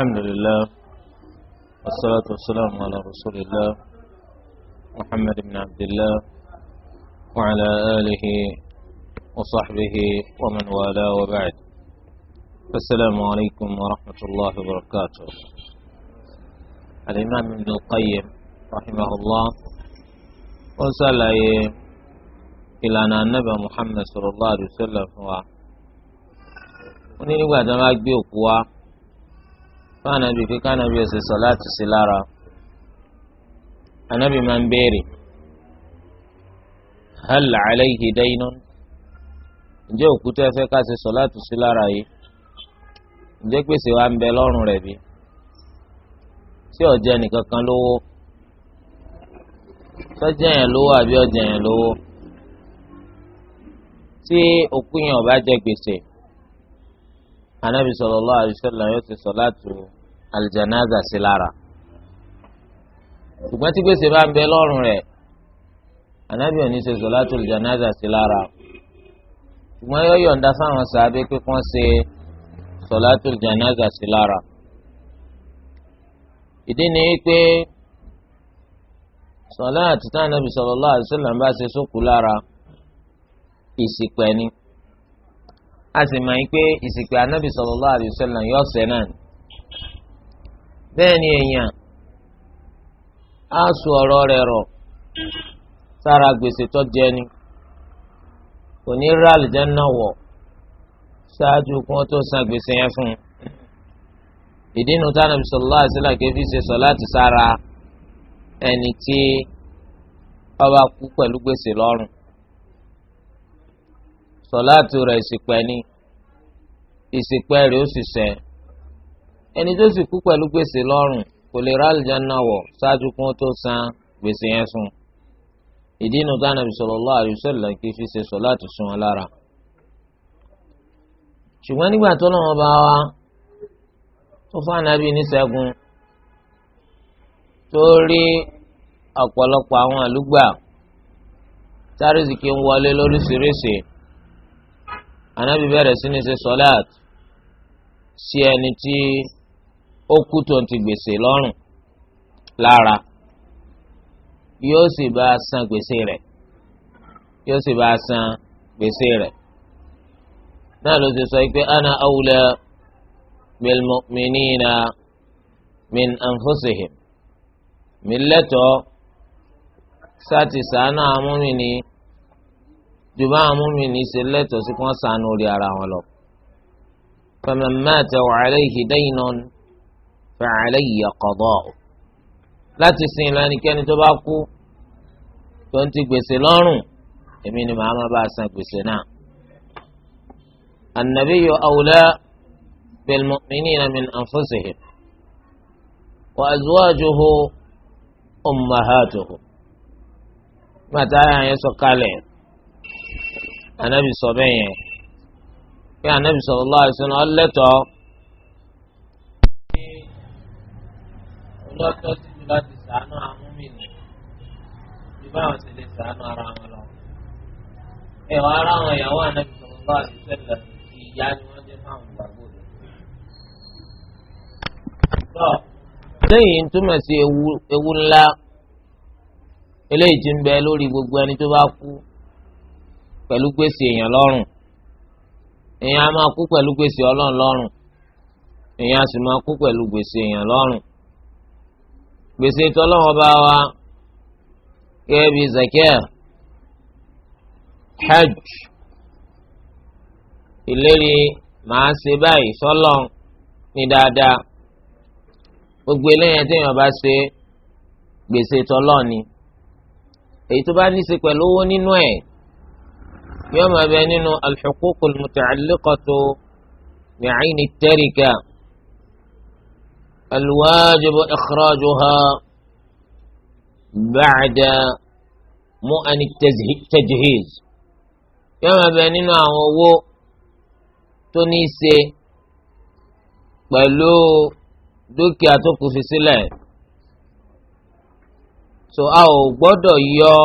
الحمد لله والصلاة والسلام على رسول الله محمد بن عبد الله وعلى آله وصحبه ومن والاه وبعد السلام عليكم ورحمة الله وبركاته الإمام ابن القيم رحمه الله وسأل إلى أن النبي محمد صلى الله عليه وسلم وني نبغى ما أجبي fún anabi pé kánabi ọ̀sẹ̀ sọ láti sí lára anabi máa ń béèrè hal alayhi daynun ǹjẹ́ òkúta ẹ fẹ́ ká ṣe sọ láti sí lára yìí ǹjẹ́ gbèsè wa ń bẹ lọ́rùn rẹ̀ bí tí ọ̀jẹ̀ nìkan kan lówó sọ́jà yẹn lówó àbí ọ̀jẹ̀ yẹn lówó tí òkú yẹn ò jẹ gbèsè anabi sallallahu alaihi wasallam yóò ti sọ láti wò aljanaza sí lára ṣùgbọ́n tí gbèsè bá bẹ lọ́rùn rẹ̀ anabi òní ṣe sọ̀látù aljanaza sí lára ṣùgbọ́n yóò yọ̀ǹda fáwọn sàábé pé kí wọ́n ṣe sọ̀látù aljanaza sí lára ìdí ni pé sọlá àtúntà nàbì sallallahu alaihi wasallam bá ṣe sókù lára ìsìpẹ̀ ni a sì mọ̀ pé ìsìpẹ̀ ànábì sallallahu alaihi wasallam yọ̀ọ̀sẹ̀ náà ni bẹ́ẹ̀ ni èèyàn á sọ ọ̀rọ̀ rẹ̀ rọ̀ sára gbèsè tó jẹ ni kò ní rà àlùjánnà wọ̀ ṣáájú kí wọ́n tó san gbèsè yẹn fún un ìdí inú tí Ànábì sallallahu alaihi wasallam kẹfì ṣe sọ láti sára ẹni tí ọba kú pẹ̀lú gbèsè lọ́rùn sọláàtù rẹ̀ ìsìpẹ́ ni ìsìpẹ́ rẹ̀ ó sì sẹ́ẹ̀ ẹni tó sì kú pẹ̀lú gbèsè lọ́rùn kò lè ra àlùjáná wọ̀ ṣáájú kí wọ́n tó san gbèsè yẹn fún un. ìdí inú tá nàbì sallallahu alaihi wasallam kì í fi ṣe sọ̀láàtì sí wọn lára. ṣùgbọ́n nígbà tó lọ́wọ́ bá wa tó fún ànábì níṣẹ́gun tó rí ọ̀pọ̀lọpọ̀ àwọn àlùgbà tárísìkì ń wọlé lóríṣiríṣi ànábì bẹ̀rẹ̀ sí ní ṣe sọ̀láàtì sí ẹni tí ó kú tó ń ti gbèsè lọ́rùn lára yóò sì bá a san gbèsè rẹ̀ yóò sì bá a san gbèsè rẹ̀ náà ló ti sọ pé ana awla bil mu'minina min anfusihim mi lẹ́tọ̀ọ́ sáti sàánà amúmìnì jùbá amúmìnì ṣe lẹ́tọ̀ọ́ sí kí wọ́n sàánú orí ara wọn lọ. faman mata wa alayhi فعلي قضاؤه láti sin ìlànìkẹ́ni tó bá kú tó ń ti gbèsè lọ́rùn èmi ni màá má bá san gbèsè náà. النبي أولى بالمؤمنين من أنفسهم وأزواجه أمهاتهم màtá yẹn sọ kalẹ̀ anabi sọ bẹ́ẹ̀ yẹn pé anabi sallallahu alaihi wasallam ọlẹ́tọ̀ọ́. lọ́tọ́ sí ju láti sàánú àwọn mìíràn ju báwọn sì lè sàánú ara wọn lọ. ẹ wọ ara àwọn ìyàwó ànábì sọ̀rọ̀ bá àṣìṣẹ́lẹ̀ ìyá ni wọ́n jẹ́ fáwọn ìgbàgbọ́ rẹ̀. tọ́ lẹ́yìn túmọ̀ sí ewu ńlá eléyìí ti ń bẹ lórí gbogbo ẹni tó bá kú pẹ̀lú gbèsè èèyàn lọ́rùn èèyàn á máa kú pẹ̀lú gbèsè ọlọ́run lọ́rùn èèyàn á sì máa kú pẹ̀lú gbèsè èèyàn lọ́rùn gbèsè tọ́lọ́wọ́ bá wa gẹ́gẹ́ bí zakia hajj ìlérí màá ṣe báyìí sọ́lọ́ ní dáadáa gbogbo eléyẹn téèyàn bá ṣe gbèsè tọ́lọ́ ni èyí tó bá ní ṣe pẹ̀lú owó nínú ẹ̀ yóò máa bẹ nínú al-huququl muta'alliqatu bi'ayni at-tarika. الواجب إخراجها بعد مؤن التجهيز كما بيننا هو تونسي pẹ̀lú dúkìá tó kù fi so a ò gbọ́dọ̀ yọ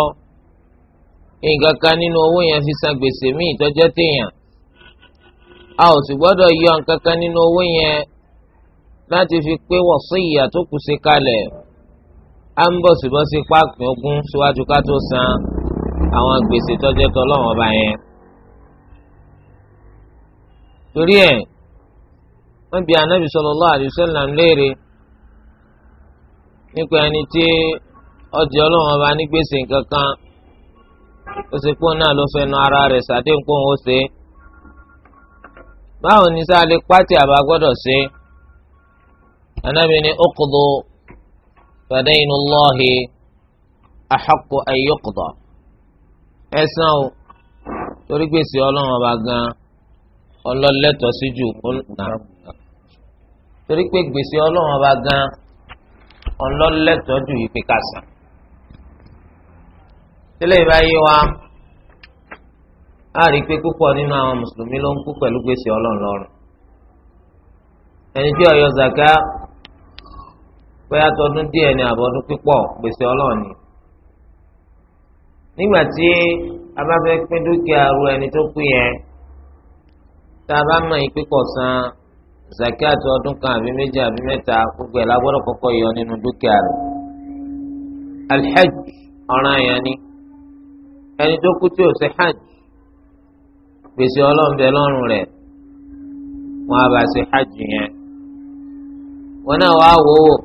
nǹkan kan nínú owó yẹn fi san gbèsè míì tó téèyàn a sì gbọ́dọ̀ yọ nǹkan nínú owó yẹn láti fi pé wọ̀síyà tó kù sí kalẹ̀ á ń bọ̀sibọ́sí pápín ogún síwájú ká tó san àwọn gbèsè tọ́jẹ́ tọ́lọ́wọ́n ọba yẹn. torí ẹ̀ wọ́n bi anabi sallallahu alaihi wasallam léèrè nípa ẹni tí ọdì ọlọ́run ọba ní gbèsè kankan ó sì pọ́n náà ló fẹ́nu ara rẹ̀ sàdéǹkó ó ṣe báwo ni sáà lè pàtì àbá gbọ́dọ̀ ṣe anabi ni uqdu fadaynu Allahi ahaqqu an yuqda ẹ san o torí gbèsè ọlọ́run ọba gan ọlọ́lẹ́tọ̀ sí jù torí pé gbèsè ọlọ́run ọba gan ọlọ́lẹ́tọ̀ jù yìí pé ká ìbáyé wa a rí i pé púpọ̀ nínú àwọn mùsùlùmí ló ń kú pẹ̀lú gbèsè ọlọ́run lọ́rùn ẹni tí ọ̀yọ́ zaka bóyá tọdún díẹ̀ ni àbọ̀dún pípọ̀ gbèsè ọlọ́ọ̀ni. nígbà tí a bá fẹ́ pín dúkìá ru ẹni tó kú yẹn tá a bá mọ̀ yín pípọ̀ san zakat ọdún kan àbí méjì àbí mẹ́ta gbogbo ẹ̀ lágbọ́dọ̀ kọ́kọ́ yọ nínú dúkìá rẹ̀. alhaj ọ̀ràn yẹn ni ẹni tó kú tí ò ṣe hajj gbèsè ọlọ́ọ̀bẹ lọ́rùn rẹ̀ wọ́n á bá ṣe hajj yẹn. wọn náà wá wò ó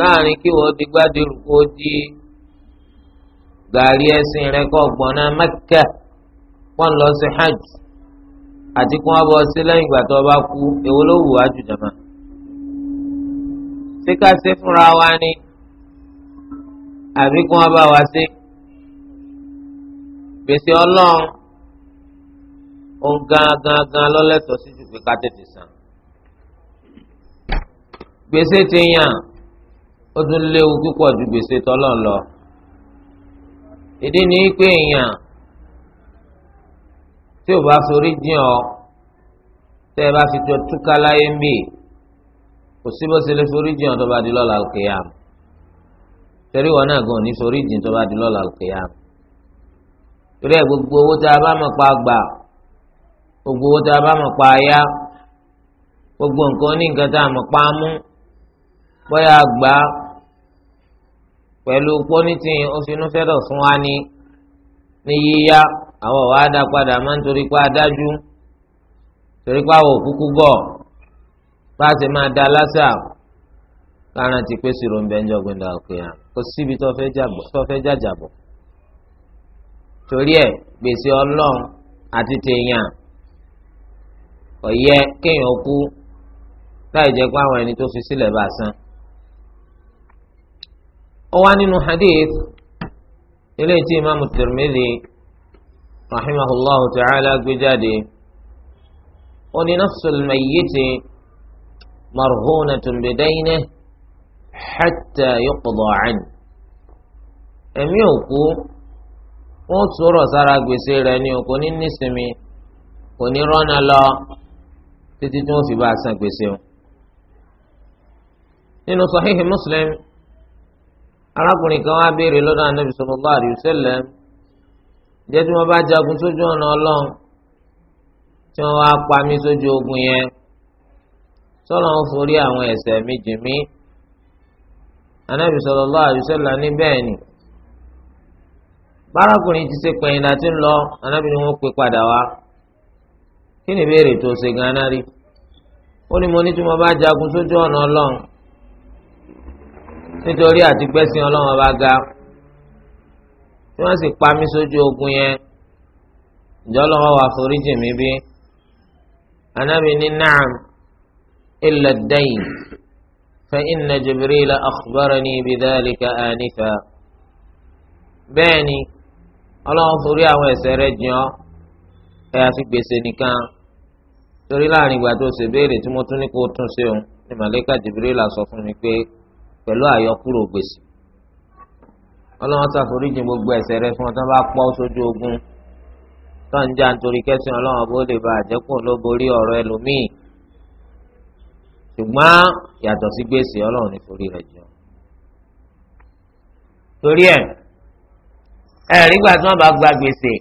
láàrin kí wọ́n digbá dirù kó di gàrí ẹ̀sìn rẹ kọ́ gbọ́nà mẹ́kà wọ́n lọ sí hajj àti kí wọ́n bọ́ sí lẹ́yìn ìgbà tó bá kú èwo ló wù wájú jàmá. ṣé ká ṣe fúnra wa ni àbí kí wọ́n bá wa ṣe. gbèsè ọlọ́run òun gangan lọ́lẹ́tọ̀ọ́ sí ju pé ká tètè san. gbèsè ti yàn ó tún léwu púpọ̀ ju gbèsè tọ́lọ̀ lọ. ìdí ni pé èèyàn tí ò bá sorí jìn ọ tẹ́ ẹ bá fi jọ túká láyé ń bì kò sí bó ṣe lè sorí jìn ọ tó bá di lọ́la al-qiyam torí wọn náà gan ní sorí jìn tó bá di lọ́la al torí ẹ gbogbo owó tá a bá mọ̀ pa gbà gbogbo owó tá a bá mọ̀ pa yá gbogbo nǹkan ní nǹkan tá a mọ̀ pa mú bóyá gbàá pẹ̀lú pọ́nítìn ofinufẹ́dọ̀ fún wa ní ní yíyá àwọn ọ̀wá dá padà máa ń torí pa adájú torí pa àwọn òkúkú gọ̀ bá a ṣe máa da lásà kárán ti pé sírò ń bẹ ń jọgbìn dà òkè hàn kò síbi tó fẹ́ jàjàbọ̀ torí ẹ̀ gbèsè ọlọ́run àti tèèyàn ọ̀yẹ kéèyàn kú láì jẹ́ pé àwọn ẹni tó fi sílẹ̀ bá a san ó wá nínú hadith eléyìí tí imaamu tirmidhi rahimahullahu ta'ala gbé jáde ó ní nafsul mayyiti marhunatun bidaynihi hatta yuqda an ẹ̀mí òkú wọ́n sọ̀rọ̀ sára gbèsè rẹ̀ ní òkú ní nísìmí kò ní rọ́nà lọ títí tí wọ́n fi bá a san gbèsè o nínú sahihi muslim arákùnrin kan wá béèrè lọ́dọ̀ anabi sallallahu alaihi wasallam jẹ́ tí wọ́n bá jagun sójú ọ̀nà ọlọ́run tí wọ́n wá pa mí sójú ogun yẹn sọ́nà ń forí àwọn ẹ̀ṣẹ̀ mi jì mí anabi sallallahu alaihi wasallam ní bẹ́ẹ̀ ni bárakùnrin ti ṣe pẹ̀yìn láti ń lọ anabi ni wọ́n pè padà wá kí ni ìbéèrè tó ṣe gan-an rí ó ní mo ní tí mo bá jagun sójú ọ̀nà ọlọ́run nítorí àtìgbẹ́sìn ọlọ́run ọba ga tí wọ́n sì pa mí sójú ogun yẹn ìjọ ọlọ́run wà foríjì mi bí anábì ní naam illa ad-dayn fa inna Jibril akhbarani bidhalika anifa bẹ́ẹ̀ ni ọlọ́run forí àwọn ẹ̀ṣẹ̀ rẹ̀ jìn ọ́ ẹ̀ àti gbèsè nìkan torí láàrin ìgbà tó ṣe béèrè tí mo tún ní kó tún ṣe òun ni màlẹ́kà Jibril là sọ fún mi pé pẹ̀lú àyọkúrò gbèsè ọlọ́wọ́n ṣàforíjì gbogbo ẹ̀ṣẹ̀ rẹ fún ọ tó bá pọ́ sójú ogun tó ń jà nítorí kẹ́sìn ọlọ́wọ́n bó lè ba àjẹkù ló borí ọ̀rọ̀ ẹlòmíì ṣùgbọ́n yàtọ̀ sí gbèsè ọlọ́wọ́n ní forí rẹ̀ jọ. torí ẹ ẹ rígbà tí wọ́n bá gba gbèsè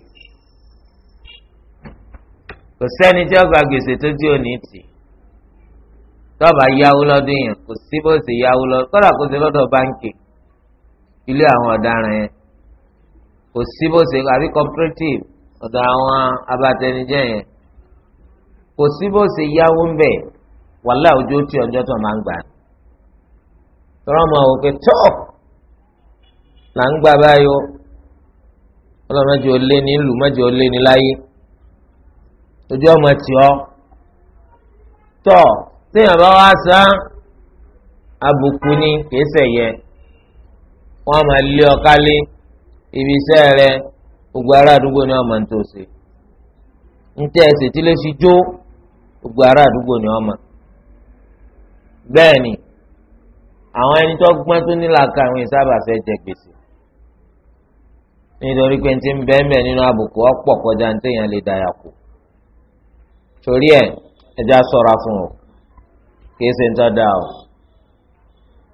kò sẹ́ni tí wọ́n gba gbèsè tó dí òní tì í tọ́ba yáwó lọ́dún yẹn kò sí bó ṣe yáwó lọ kọ́dà kó ṣe lọ́dọ̀ báńkì ilé àwọn ọ̀daràn yẹn kò sí bó ṣe àbí cooperative ọ̀dọ̀ àwọn abatẹnijẹ́ yẹn kò sí bó ṣe yáwó ń bẹ̀ wàhálà ojú tí ọjọ́ tó máa ń gbà. tọ́lá ọmọ àwọn òkè tó là ń gbà báyọ̀ ọlọ́mọdé ò lé ní ìlú mọ́jọ lé ní láyé ojú ọmọ tì ọ́ tọ́ téèyàn bá wá sá àbùkù ni kìí ṣẹ̀yẹ wọ́n máa lé ọká lé ibi iṣẹ́ rẹ gbogbo ará àdúgbò ni wọ́n máa ń tó ṣe ntẹ ẹsẹ tí lè fi jó gbogbo ará àdúgbò ni wọ́n máa bẹ́ẹ̀ ni àwọn ẹni tó gbọ́n tó ní làákà àwọn ìsábà jẹ gbèsè nítorí pé ti ń bẹ́ẹ̀ mẹ́ nínú àbùkù ọ̀pọ̀ kọjá ní lè dàyà kù torí ẹ̀ ẹja ṣọ́ra fún o kìí ṣe ń tọ́ da o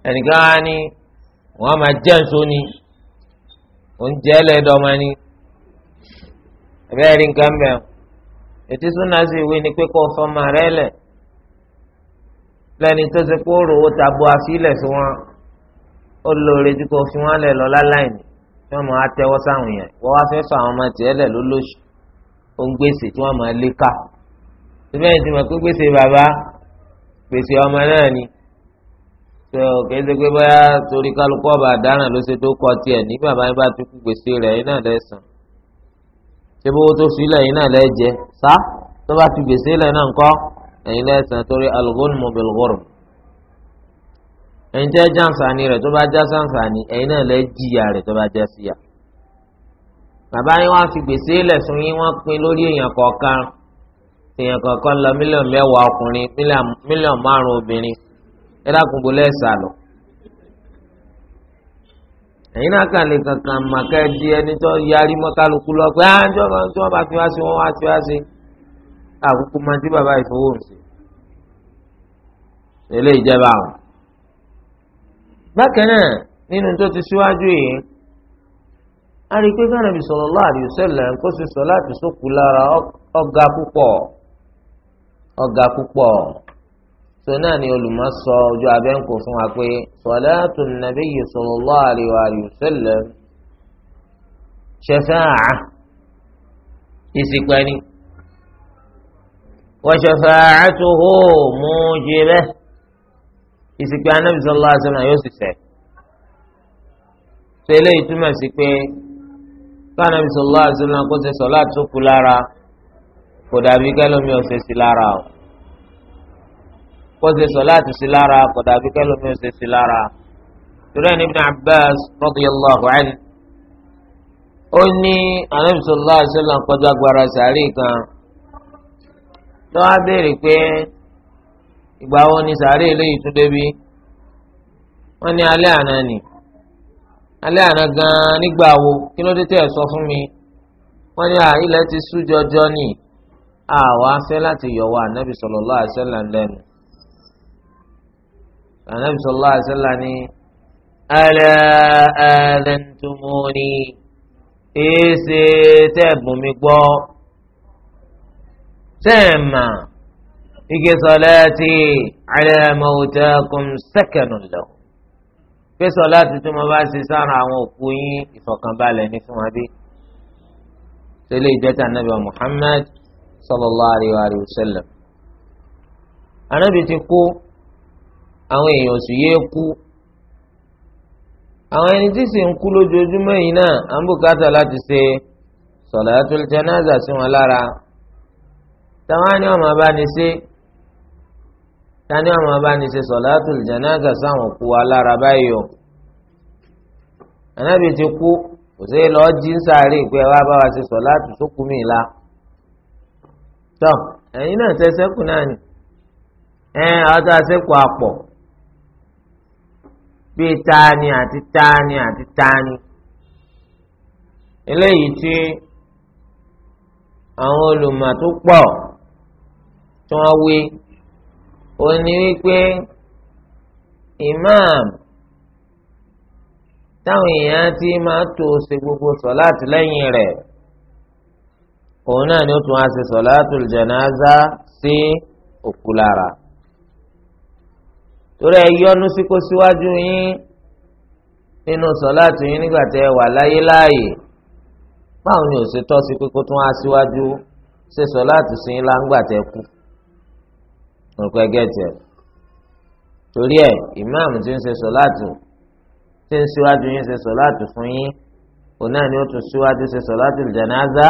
ẹnìkan á ní wọ́n máa jẹ́ nsọ ni oúnjẹ ẹlẹ́dọ̀ọ́mọ ni ẹ̀bẹ́ẹ̀ rí nǹkan bẹ́ẹ̀ ètí súnà sí ìwé ni pé kó fọmọ rẹ lẹ̀ lẹ́ni tó ṣe kó rò ó tabo àfilẹ̀ fún wọn ó lóore tí kò fi wọn lẹ̀ lọ láláìní tí wọ́n máa tẹ́wọ́ sáwọn yẹn wọ́n wá fẹ́ fà àwọn ọmọ tiẹ̀ lẹ̀ lólóṣù ó ń gbèsè tí wọ́n máa lé ká síbẹ̀ yìí mọ̀ pé gbèsè bàbá pèsè ọmọ náà ni tó kéde pé bóyá torí kálukú ọba àdáràn ló ṣe tó kọ tiẹ̀ ní bàbá yín bá tún kú gbèsè rẹ̀ yín náà lẹ́sàn ṣé bówó tó fi lẹ́yìn náà lẹ́jẹ̀ sá tó bá ti gbèsè lẹ́yìn náà ńkọ́ ẹ̀yin lẹ́sàn torí al-ghulmu bil-ghurm ẹ̀yin tẹ́ jàǹfààní rẹ̀ tó bá já sàǹfààní ẹ̀yin náà lẹ́ jìyà rẹ̀ tó bá já síyà bàbá yín wá fi gbèsè lẹ̀ sùn yín wọ́n pín lórí èèyàn kọ̀ọ̀kan èèyàn kankan lọ mílíọ̀nù mẹ́wàá ọkùnrin mílíọ̀nù márùn-ún obìnrin ẹ dákun bó lẹ́ẹ̀sà lọ. ẹ̀yin náà kàn lè kankan màkà di ẹni tó yarí mọ́kálukú lọ pé ah jọba tí wọ́n bá fi wá sí wọ́n wá sí wá sí àkókò máa ti bàbá ìfowó ǹsẹ̀ ilé ìjẹba àwọn. bákan náà nínú tó ti síwájú yìí a rí i pé gánàbì sallallahu alaihi wasallam kó sì sọ láti sókù lára ọ̀gá púpọ̀ ọ̀gá púpọ̀ tó náà ni olùmọ̀ sọ ojú abẹ́ ń kó fún wa pé salatu nabiyyi sallallahu alaihi wa sallam shafa'a ìsìnkpẹ́ni wa shafa'atuhu mujibah ìsìnkpẹ́ anabi sallallahu alaihi wa sallam yóò sì sẹ́ tó eléyìí túmọ̀ sí pé káànabi sallallahu alaihi kó ṣe sọ̀lá tó kú lára kò dàbí kẹlẹ́mi ọ̀sẹ̀ sí lára o kó ṣe sọláàtì sí lára kódà bí kẹlòmí ò ṣe sí lára torí ẹni Ibn Abbas radiyallahu anhu ó ní Ànábì sallallahu alaihi wasallam kọjá gbára sàárì kan tó wá béèrè pé ìgbà wo ni sàárì eléyìí tún débi wọ́n ní alẹ́ àná ni alẹ́ àná gan-an nígbà wo kí ló dé tẹ́ sọ fún mi wọ́n ní ilẹ̀ ti sú jọjọ ni àwa fẹ́ láti yọ̀ wá Ànábì lẹ́nu anabi sallallahu alaihi wasallam ni ala adantumuni èsè tẹ́ẹ̀bùn mi gbọ́ sẹ́ẹ̀mà ike sọláàtì ala mawtakum sakanun lahu pé sọláàtì tí mo bá ṣe sára àwọn òkú yín ìfọ̀kànbalẹ̀ ní fún wa bí tẹ́lẹ̀ ìjẹta anabi muhammad sallallahu alaihi wasallam anabi ti kú àwọn èèyàn sì yé kú àwọn ẹni tí sì ń kú lójoojúmọ́ yìí náà à ń bùkátà láti ṣe sọ̀látul jánásà sí wọn lára táwọn ni ọmọ bá ní ṣe táwọn ni ọmọ bá ní ṣe sọ̀látul jánásà sáwọn kú wa lára báyìí o ànábì ti kú kò sí lọ́ọ́ jí ń sáré ìpẹ́ wa bá wa ṣe sọ̀látù tó kú mi la tọ́ ẹ̀yin náà tẹ́ sẹ́kù náà ni ẹ̀ ọ́ tá sẹ́kù àpọ̀ bíi taani àti taani àti taani eléyìí tí àwọn olùmọ̀ tó pọ̀ tí wọ́n wí ó ní wípé imam táwọn èèyàn ti máa tó ṣe gbogbo sọ̀láàtì lẹ́yìn rẹ̀ òun náà ni ó tún á ṣe sọ̀láàtì jẹ̀náza sí òkú lára torí ẹ yọnu sí kó síwájú yín nínú sọláàtì yín nígbà tẹ wà láyé láàyè báwo ni ò ṣe tọ́ sí pé kó tún á síwájú ṣe sọláàtì sí yín láǹgbà tẹ kú nǹkan gẹ̀ẹ́tì ẹ̀ torí ẹ ìmáàmù tí ń ṣe sọláàtì tí ń síwájú yín ṣe sọláàtì fún yín òun náà ni ó tún síwájú ṣe sọláàtì jánásà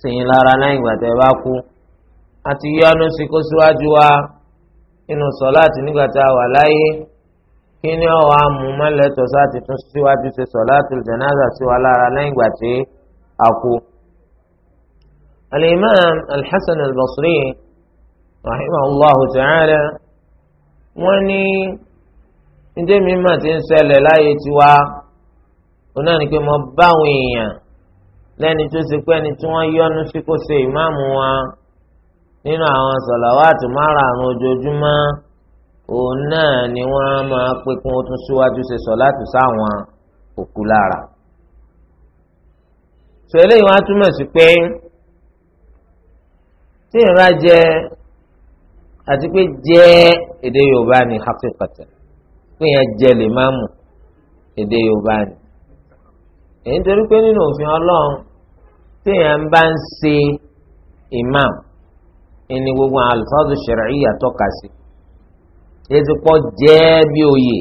sí yín lára lẹ́yìn ìgbà tẹ bá kú àti yọnu sí kó síwájú wa nínú sọláàtì nígbà tá a wà láyé kí ni ọ̀ wá mú mọ́lẹ́tọ̀ sáàtì tún síwájú ṣe sọláàtì jẹnáza sí wa lára lẹ́yìn ìgbà tí a kú. al-imam al-hasan al ta'ala wọ́n ní ndé mi mà ti ń ṣẹlẹ̀ láyé tiwa oná ni pé mo bá èèyàn lẹ́ni tó ṣe pé ẹni tí wọ́n yọ́nú sí kó ṣe ìmáàmù wọn nínú àwọn sọ̀làwátì márààrún ojoojúmọ́ òun náà ni wọ́n máa pé kí wọ́n tún síwájú ṣe sọ̀láàtù sáwọn òkú lára. sọ eléyìí wọ́n á túmọ̀ sí pé tí ìra jẹ àti pé jẹ èdè Yorùbá ni hakikata pé yẹn jẹ lè má mú èdè Yorùbá ni èyí torí pé nínú òfin Ọlọ́run tí yẹn bá ń ṣe imam ìní gbogbo alfáàzù ṣẹ̀rẹ̀yà tọ́ka sí ètò pọ̀ jẹ́ bí oyè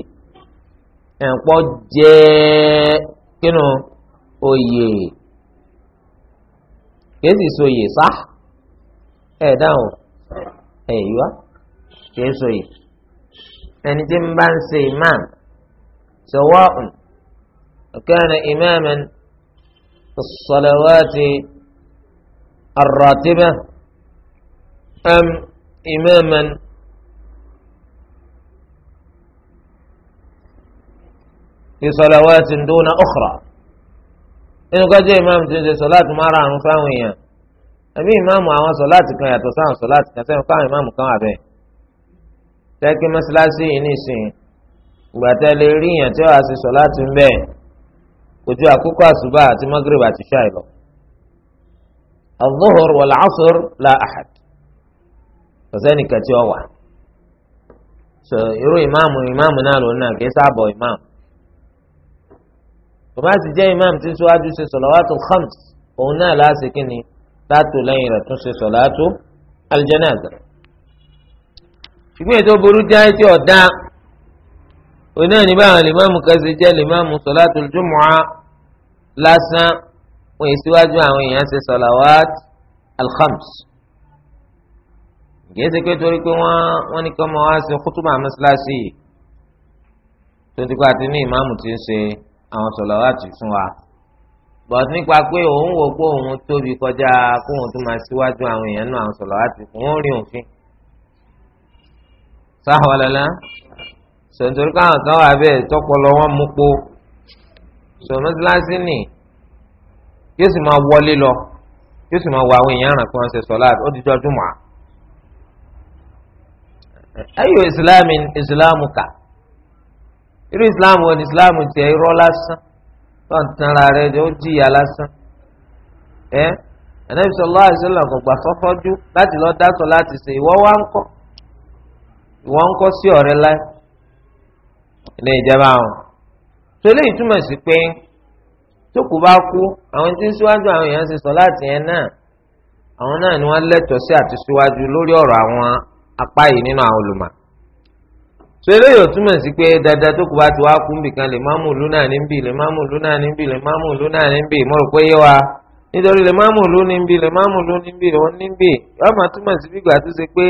ẹ̀pọ̀ jẹ́ kínú oyè kìí sòyè sá ẹ̀ dáhùn ẹ̀ yíwá kìí sòyè ẹni tí ń bá ń ṣe imam sawa'un kana imaman as-salawati ar-ratibah. أم إماما في صلوات دون أخرى inú ká jẹ́ ìmáàmù tó ń ṣe sọ́láàtì márààrún fáwọn èèyàn àbí ìmáàmù àwọn sọ́láàtì kan yàtọ̀ sáwọn sọ́láàtì kan sẹ́yìn fáwọn ìmáàmù kan wà bẹ́ẹ̀. tẹ́kí mọ́ṣáláṣí yìí nìsín ìgbà tẹ́ lè rí èèyàn tí wàá ṣe sọ́láàtì ń bẹ́ẹ̀ kò ju àkókò àṣùbà àti magrib àti ṣáì lọ. al-zuhur wal-asr la ahad kọ̀sẹ́nìkan tí ó wà so irú ìmáàmù ìmáàmù náà lòun náà kì í sábọ̀ ìmáàmù tó bá sì jẹ́ ìmáàmù tí síwájú ṣe sọ̀làwátù khams òun náà láti kíni látò lẹ́yìn rẹ̀ tún ṣe sọ̀làtù aljanaza ṣùgbọ́n ètò burú jáì tí ọ̀dá òun náà ní báwọn lèmáàmù kan ṣe jẹ́ lèmáàmù sọ̀làtù jùmùá lásán wọ́n yìí àwọn èèyàn ṣe sọ̀làwátù alkhams yẹn ṣe pé torí pé wọ́n wọ́n ní kọ́ mọ́ wá sí kútùbà mọ́ṣáláṣí tó ti kọ́ àti ní ìmáàmù ti ń ṣe àwọn sọ̀lọ́ láti fún wa bọ̀t nípa pé òun wò pé òun tóbi kọjá kóun tó máa síwájú àwọn èèyàn náà àwọn sọ̀lọ́ láti fún wọn rí òfin sáwọn lẹ́lẹ́ sọ̀tòrí káwọn kan wà bẹ́ẹ̀ tọpọlọ wọn mú po sọ̀mọ́síláṣí nì yóò sì máa wọlé lọ yóò sì máa wọ àwọn èèyàn ràn kí wọ́n ṣe sọ̀lá ayo islamin islamu ka irú islamu wọn islamu tiẹ̀ irọ́ lásán tó ń tan ara rẹ̀ ó jìyà lásán ẹ anabi sallallahu alaihi wasallam fọfọjú láti lọ dá sọ láti ṣe ìwọ wa ń kọ ìwọ ń kọ sí ọ̀rẹ́ láì ilé ìjọba àwọn tó lè sí pé tó kù bá kú àwọn tí ń síwájú àwọn èèyàn ṣe sọ láti yẹn náà àwọn náà ni sí àti síwájú lórí apá yìí nínú àwọn olùmọ̀ so eléyìí túmọ̀ sí pé dandan tó bá ti wá kú lè náà ní bì lè náà ní bì lè wa nítorí lè máàmù ìlú ní bì lè máàmù ìlú ní bì òun ní bì yóò máa túmọ̀ sí bí ìgbà tó ṣe pé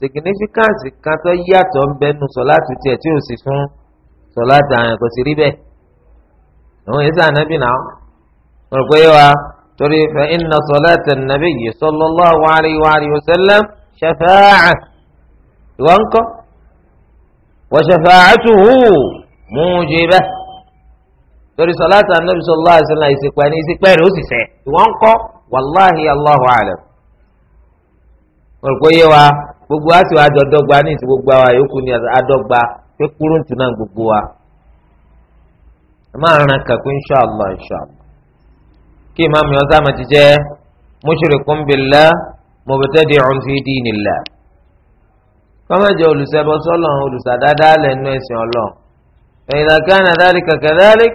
significance kan tó yàtọ̀ ń bẹnu sọ láti tiẹ̀ tí ò sì fún sọ láti àyàn kò rí bẹ́ẹ̀ òun yìí ìwọ ńkọ́ wa torí sọláàtà nàbì sallallahu alaihi ìsìnkú ẹni ìsìnkú ẹ̀rẹ́ ó sì sẹ́ ìwọ ńkọ́ olùkọ́ wa gbogbo ní gbogbo yòókù ní pé insha Allah kí yọ sáà máa ti billah kọ́mẹ́jọ olùsẹ́bọ sọ́lọ̀ olùsàdáadá lẹ́nu ẹ̀sìn ọlọ́ idha kana dhalika kadhalik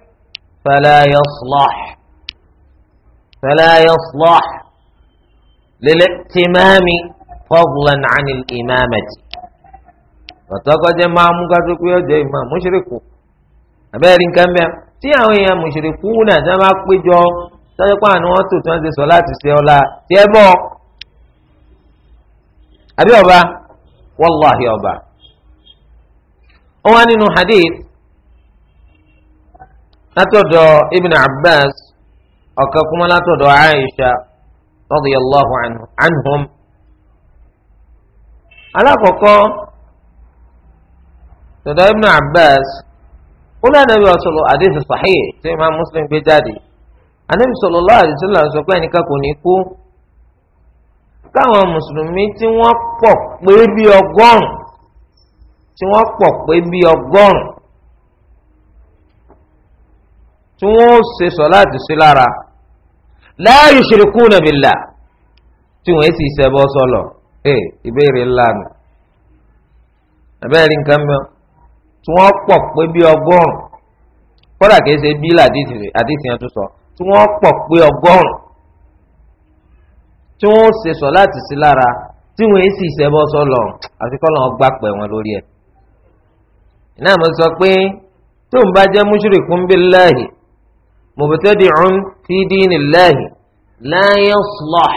fala yaslah fala yaslah lil-i'timami fadlan 'ani al-imamati ọ̀tọ́kọ́jẹ́ máa mú ká pé ọjọ́ ìmọ̀ mushriku abẹ́rẹ́ nǹkan tí àwọn èèyàn mushriku náà tí wọ́n péjọ sọ́jọ́ pé àwọn wọn tó tí wọ́n ti sọ láti ṣe ọlá wàláhi ọba. ó wá nínú hadith látọ̀dọ̀ ibn abbas ọ̀kan kúmọ́ látọ̀dọ̀ aisha radiyallahu anhum. alákọ̀ọ́kọ́ tọ̀dọ̀ ibn abbas ó lẹ́nu ẹ̀rọ sọ̀rọ̀ àdéhùn sàhíyè tí imam muslim gbé jáde. ànábì sallallahu alaihi wasallam sọ pé ẹnìkan kò ní kú káwọn mùsùlùmí tí wọ́n pọ̀ pé bí ọgọ́rùn tí wọ́n pọ̀ pé bí ọgọ́rùn tí wọ́n ó ṣe sọ̀láàtì sí lára la yushrikuna billah tí wọ́n sì ṣẹbọ sọlọ ee ìbéèrè ńlá nù abẹ́rẹ́ nǹkan mọ́ tí wọ́n pọ̀ pé bí ọgọ́rùn kódà kìí ṣe bí làdìsí àdìsí yẹn tó sọ tí wọ́n pọ̀ pé ọgọ́rùn tí wọ́n ṣe sọ láti sí lára tí wọ́n èsì ìṣẹ́bọ́ sọ́lọ̀ àfi kọ́ lọ́wọ́ gbà pẹ̀ wọn lórí ẹ̀. iná mo sọ pé tó ń bá jẹ́ mushrikun billahi mubtadi'un fi dinillahi la yaslah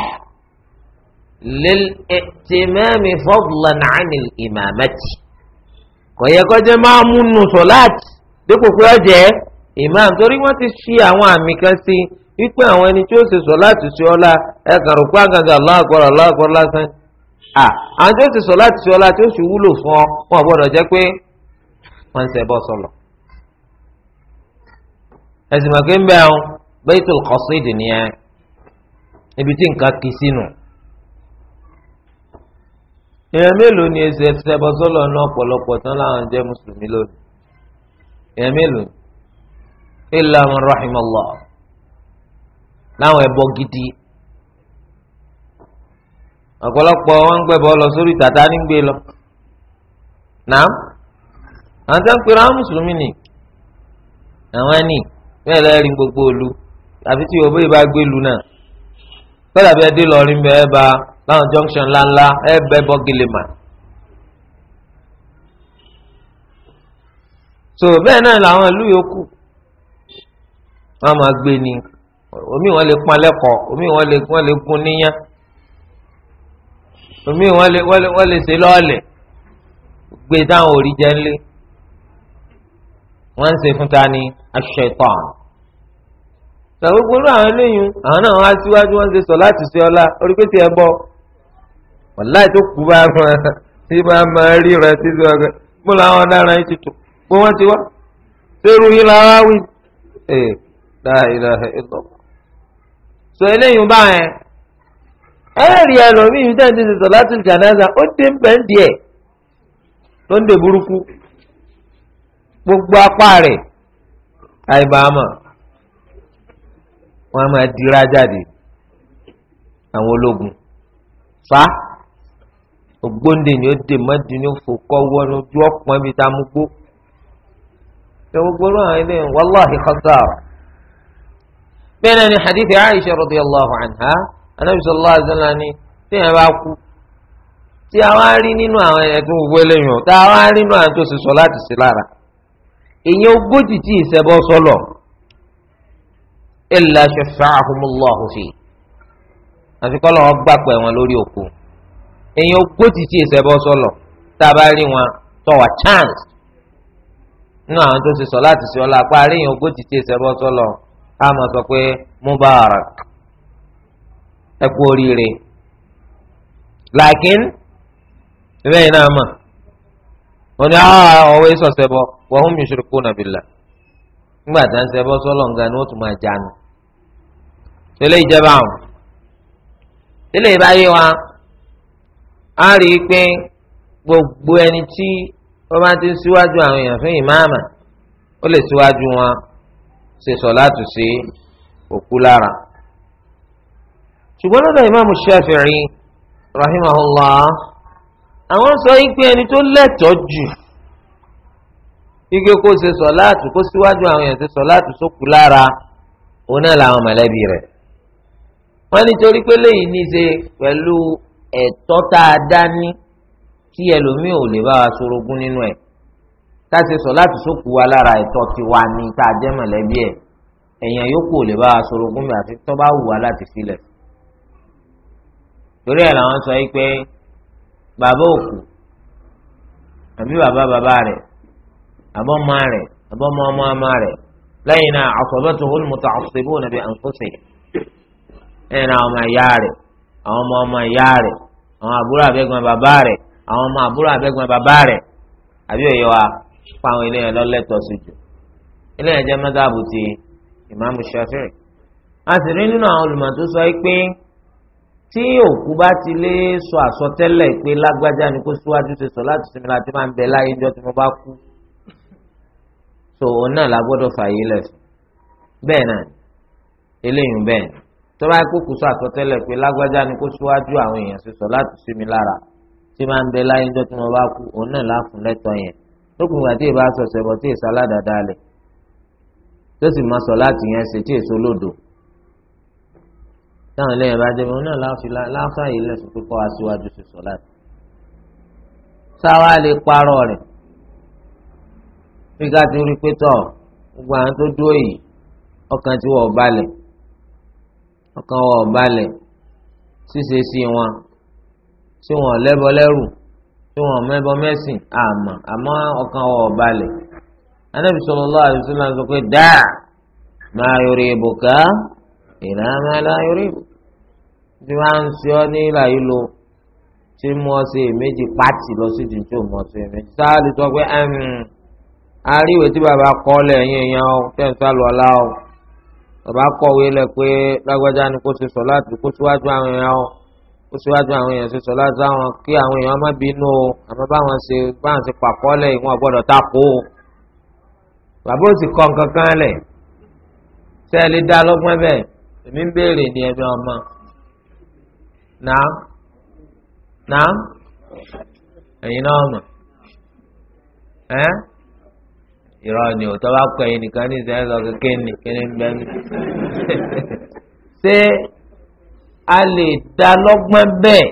lil-i'timami fadlan 'anil imamati. kò yẹ kó jẹ́ máa múnú sọ láti dípò pé ó jẹ́ imam torí wọ́n ti ṣe àwọn àmì kan sí i. ikpe àwọn ẹni tí ó ṣe sọ láti ṣe ọlá ẹ rò pé àgàgà Allahu Akbar lásán à àwọn tí ó ṣe sọ láti ṣe ọlá tí ó sì wúlò fún ọ wọn gbọ́dọ̀ jẹ́ pé ń ṣe sọlọ. ẹ̀sìn màkì ń bẹ àwọn ibi tí nǹkan kì í sínú. èèyàn mélòó ni èsì ẹ̀sìn ẹ̀bọ sọlọ náà pọ̀lọpọ̀ tán láwọn jẹ́ mùsùlùmí lónìí èèyàn mélòó láwọn ẹbọ gidi ọ̀pọ̀lọpọ̀ wọn ń gbẹbọ lọ sórí tàtà ní gbé lọ náà àwọn tó ń pera àwọn mùsùlùmí ni àwọn ẹni bẹ́ẹ̀ lẹ́rìí gbogbo òlu àfi tí òbí bá gbé lu náà kọ́dà bí ẹdí lọ́ọ́rin bẹ́ẹ̀ bá láwọn junction ńláńlá ẹ bẹ́ bọ́ gilema. so bẹ́ẹ̀ náà làwọn ìlú yòókù wọ́n máa gbé ni omi wọn lè pọn lẹ́kọ̀ọ́ omi wọn lè wọn lè gun níyàn omi wọn lè wọn lè wọn lè ṣe lọ́ọ̀lẹ̀ gbé táwọn òrí jẹ́ ńlẹ̀ wọ́n ń ṣe fún ta ni aṣ gbogbo àwọn eléyìí àwọn náà wá síwájú wọ́n ṣe sọ láti ṣe ọlá orí pé tí ẹ bọ́ wàláì tó kú bá fún ẹ tí bá máa rí rẹ títí ọgbẹ mú làwọn ọ̀daràn yìí ti tù pé wọ́n ti wá ṣé irú yìí làwọn á wí. ee eh, la ilaha illallah so eléyìí bá yẹn ẹ̀rì ẹlòmíì tẹ̀ ń ti sọ̀tọ̀ láti jànáza ó dé ń bẹ̀ ń díẹ̀ ló ń dè burúkú gbogbo apá rẹ̀ àìbámọ̀ wọn máa dira jáde àwọn ológun fa ògbóǹde ni ó dè mọ́dì ni ó fò kọ́ wọnú ojú ọ̀pọ̀ ibi tá a mú gbó ṣé gbogbo náà ilé wàláhì kọ́sára bẹ́ẹ̀ ni hadith aisha radiyallahu anha anabi sallallahu alayhi wa sallam ni téèyàn bá kú tí a wá rí nínú àwọn ẹ̀dùn òwú ẹlẹ́yìn o tá a wá rí nínú àwọn tó ṣe sọ láti sí lára èyí ogójì tí ìṣẹ́bọ sọlọ illa shafa'ahumullahu fi àfi kọ́lọ̀ wọn gbà pẹ̀ wọn lórí òkú èyí ogójì tí ìṣẹ́bọ sọlọ tá a bá rí wọn tọwà chance nínú àwọn tó ṣe sọ láti sí ọlọ apá àríyìn ogójì tí ìṣẹ́bọ sọlọ a máa sọ pé mubarak ẹ kú oríire lakin lẹ́yìn náà mà wọ́n ní ọ̀wé sọ̀sẹ̀ bọ̀ wọ́n hum yushrikuna billah nígbà tá à ń sẹ́bọ́ sọ́lọ̀ ń ga ni wọ́n tún máa jánu tẹ́lẹ̀ ìjẹba àwọn tẹ́lẹ̀ ìbáyé wa á rí i pé gbogbo ẹni tí wọ́n bá ti ń síwájú àwọn èèyàn fún ìmáàmà ó lè síwájú wọn ṣe sọ̀láàtù sí òkú lára. ṣùgbọ́n lọ́dọ̀ ìmáàmù Ṣáfi'í rahimahullah àwọn sọ pé ẹni tó lẹ́tọ̀ọ́ jù ike kó ṣe sọ̀láàtù kó síwájú àwọn èèyàn ṣe sọ̀láàtù sókú lára òun náà làwọn mọ̀lẹ́bí rẹ̀ wọ́n nítorí pé léyìí ní í ṣe pẹ̀lú ẹ̀tọ́ tá a dá kí ẹlòmíì ò lè bá wa sorogún nínú ẹ̀ táṣe sọ láti sókù wa lára ẹ̀tọ́ tiwa ní tá a jẹ́ mọ̀lẹ́bí ẹ̀ ẹ̀yàn yòókù ò lè bá a sọ̀rọ̀ gómìnà àfi tó bá wù wá láti filẹ̀. torí ẹ̀ làwọn sọ pé bàbá òkú àbí bàbá bàbá rẹ̀ àbọ̀ ọmọ rẹ̀ àbọ̀ ọmọ ọmọ ọmọ rẹ̀ lẹ́yìn náà àkọ́bẹ́tò olùmọ̀tò àkọ́sẹ̀bù nàbí àǹkóṣe lẹ́yìn náà ọmọ ìyá rẹ̀ àwọn ọmọ ọmọ ìyá rẹ̀ àwọn àbúrò àbẹ́gbọ̀n bàbá rẹ̀ àwọn ọmọ àbúrò àbẹ́gbọ̀n bàbá rẹ̀ àbí òye wa pa àwọn eléyàn lọ́lẹ́tọ̀ọ́ sí jù eléyàn jẹ́ mẹ́tàbù ti ìmáàmù Shafi'i a sì rí nínú àwọn olùmọ̀ tó sọ pé tí òkú bá ti lè sọ àsọtẹ́lẹ̀ pé lágbájá ni kó síwájú ṣe sọ láti sinmi láti máa ń bẹ láyé jọ tí mo bá kú so òun náà la gbọ́dọ̀ fààyè lẹ̀sùn bẹ́ẹ̀ náà eléyìí bẹ́ẹ̀ ni tó bá kó kó sọ àsọtẹ́lẹ̀ pé lágbájá ni kó síwájú àwọn èèyàn ṣe sọ láti sinmi lára tí máa ń bẹ láyé jọ tí mo bá kú òun náà láàfin lẹ́tọ̀ọ́ yẹn lókùn ìgbà tí ì bá sọ̀sẹ̀ bọ̀ tí ì sáládàá lẹ̀ tó sì máa sọ láti yẹn ṣe tí ì so lódò táwọn ilé yẹn bá dé wọn náà láfààyè lẹ́sùn pípọ́ aṣíwájú ṣe sọ láti. sáwa lè parọ́ rẹ̀ fíga ti rí pé tọ̀ gbogbo àwọn tó dúró yìí ọkàn tí wọ́n balẹ̀ ọkàn wọ́n balẹ̀ ṣíṣe sí wọn tí wọ́n lẹ́bọ lẹ́rù tí wọn mẹbọ mẹsìn àmọ́ àmọ́ ọkàn wọn ọba lẹ anabi sallallahu alaihi wasallam sọ pé dáa máa yọrọ ìbò ká ìlà máa lá yọrọ ìbò tí wọn ń sọ ní ìlà yìí lọ tí mo ṣe èméjì pàtì lọ sí tuntun tí mo ṣe èméjì sáàlì sọ pé àríwé tí bàbá kọ́ lẹ̀ yín èèyàn ọ fẹ́ǹsà lọ́la ọ bàbá kọ̀wé lẹ̀ pé lágbájá ni kó ṣe sọ láti kó síwájú àwọn èèyàn ọ ó síwájú àwọn èèyàn ṣe sọ lásán àwọn kí àwọn èèyàn má bínú o àmọ́ báwọn ṣe báwọn ṣe pàkọ́lẹ̀ ìwọ̀n gbọ́dọ̀ tako o bàbá ò sì kọ́ nǹkan kan lẹ̀ ṣé ẹ lè dá lọ́gbọ́n bẹ́ẹ̀ èmi ń béèrè ní ẹbí ọmọ náà náà ẹ̀yin náà mọ̀ ẹ́ irọ́ ni ò tọ́ bá kọ ẹ̀yin nìkan ní ìsẹ́yìn lọ kékeré ní kékeré ń ṣé a lè dá lọ́gbọ́n bẹ́ẹ̀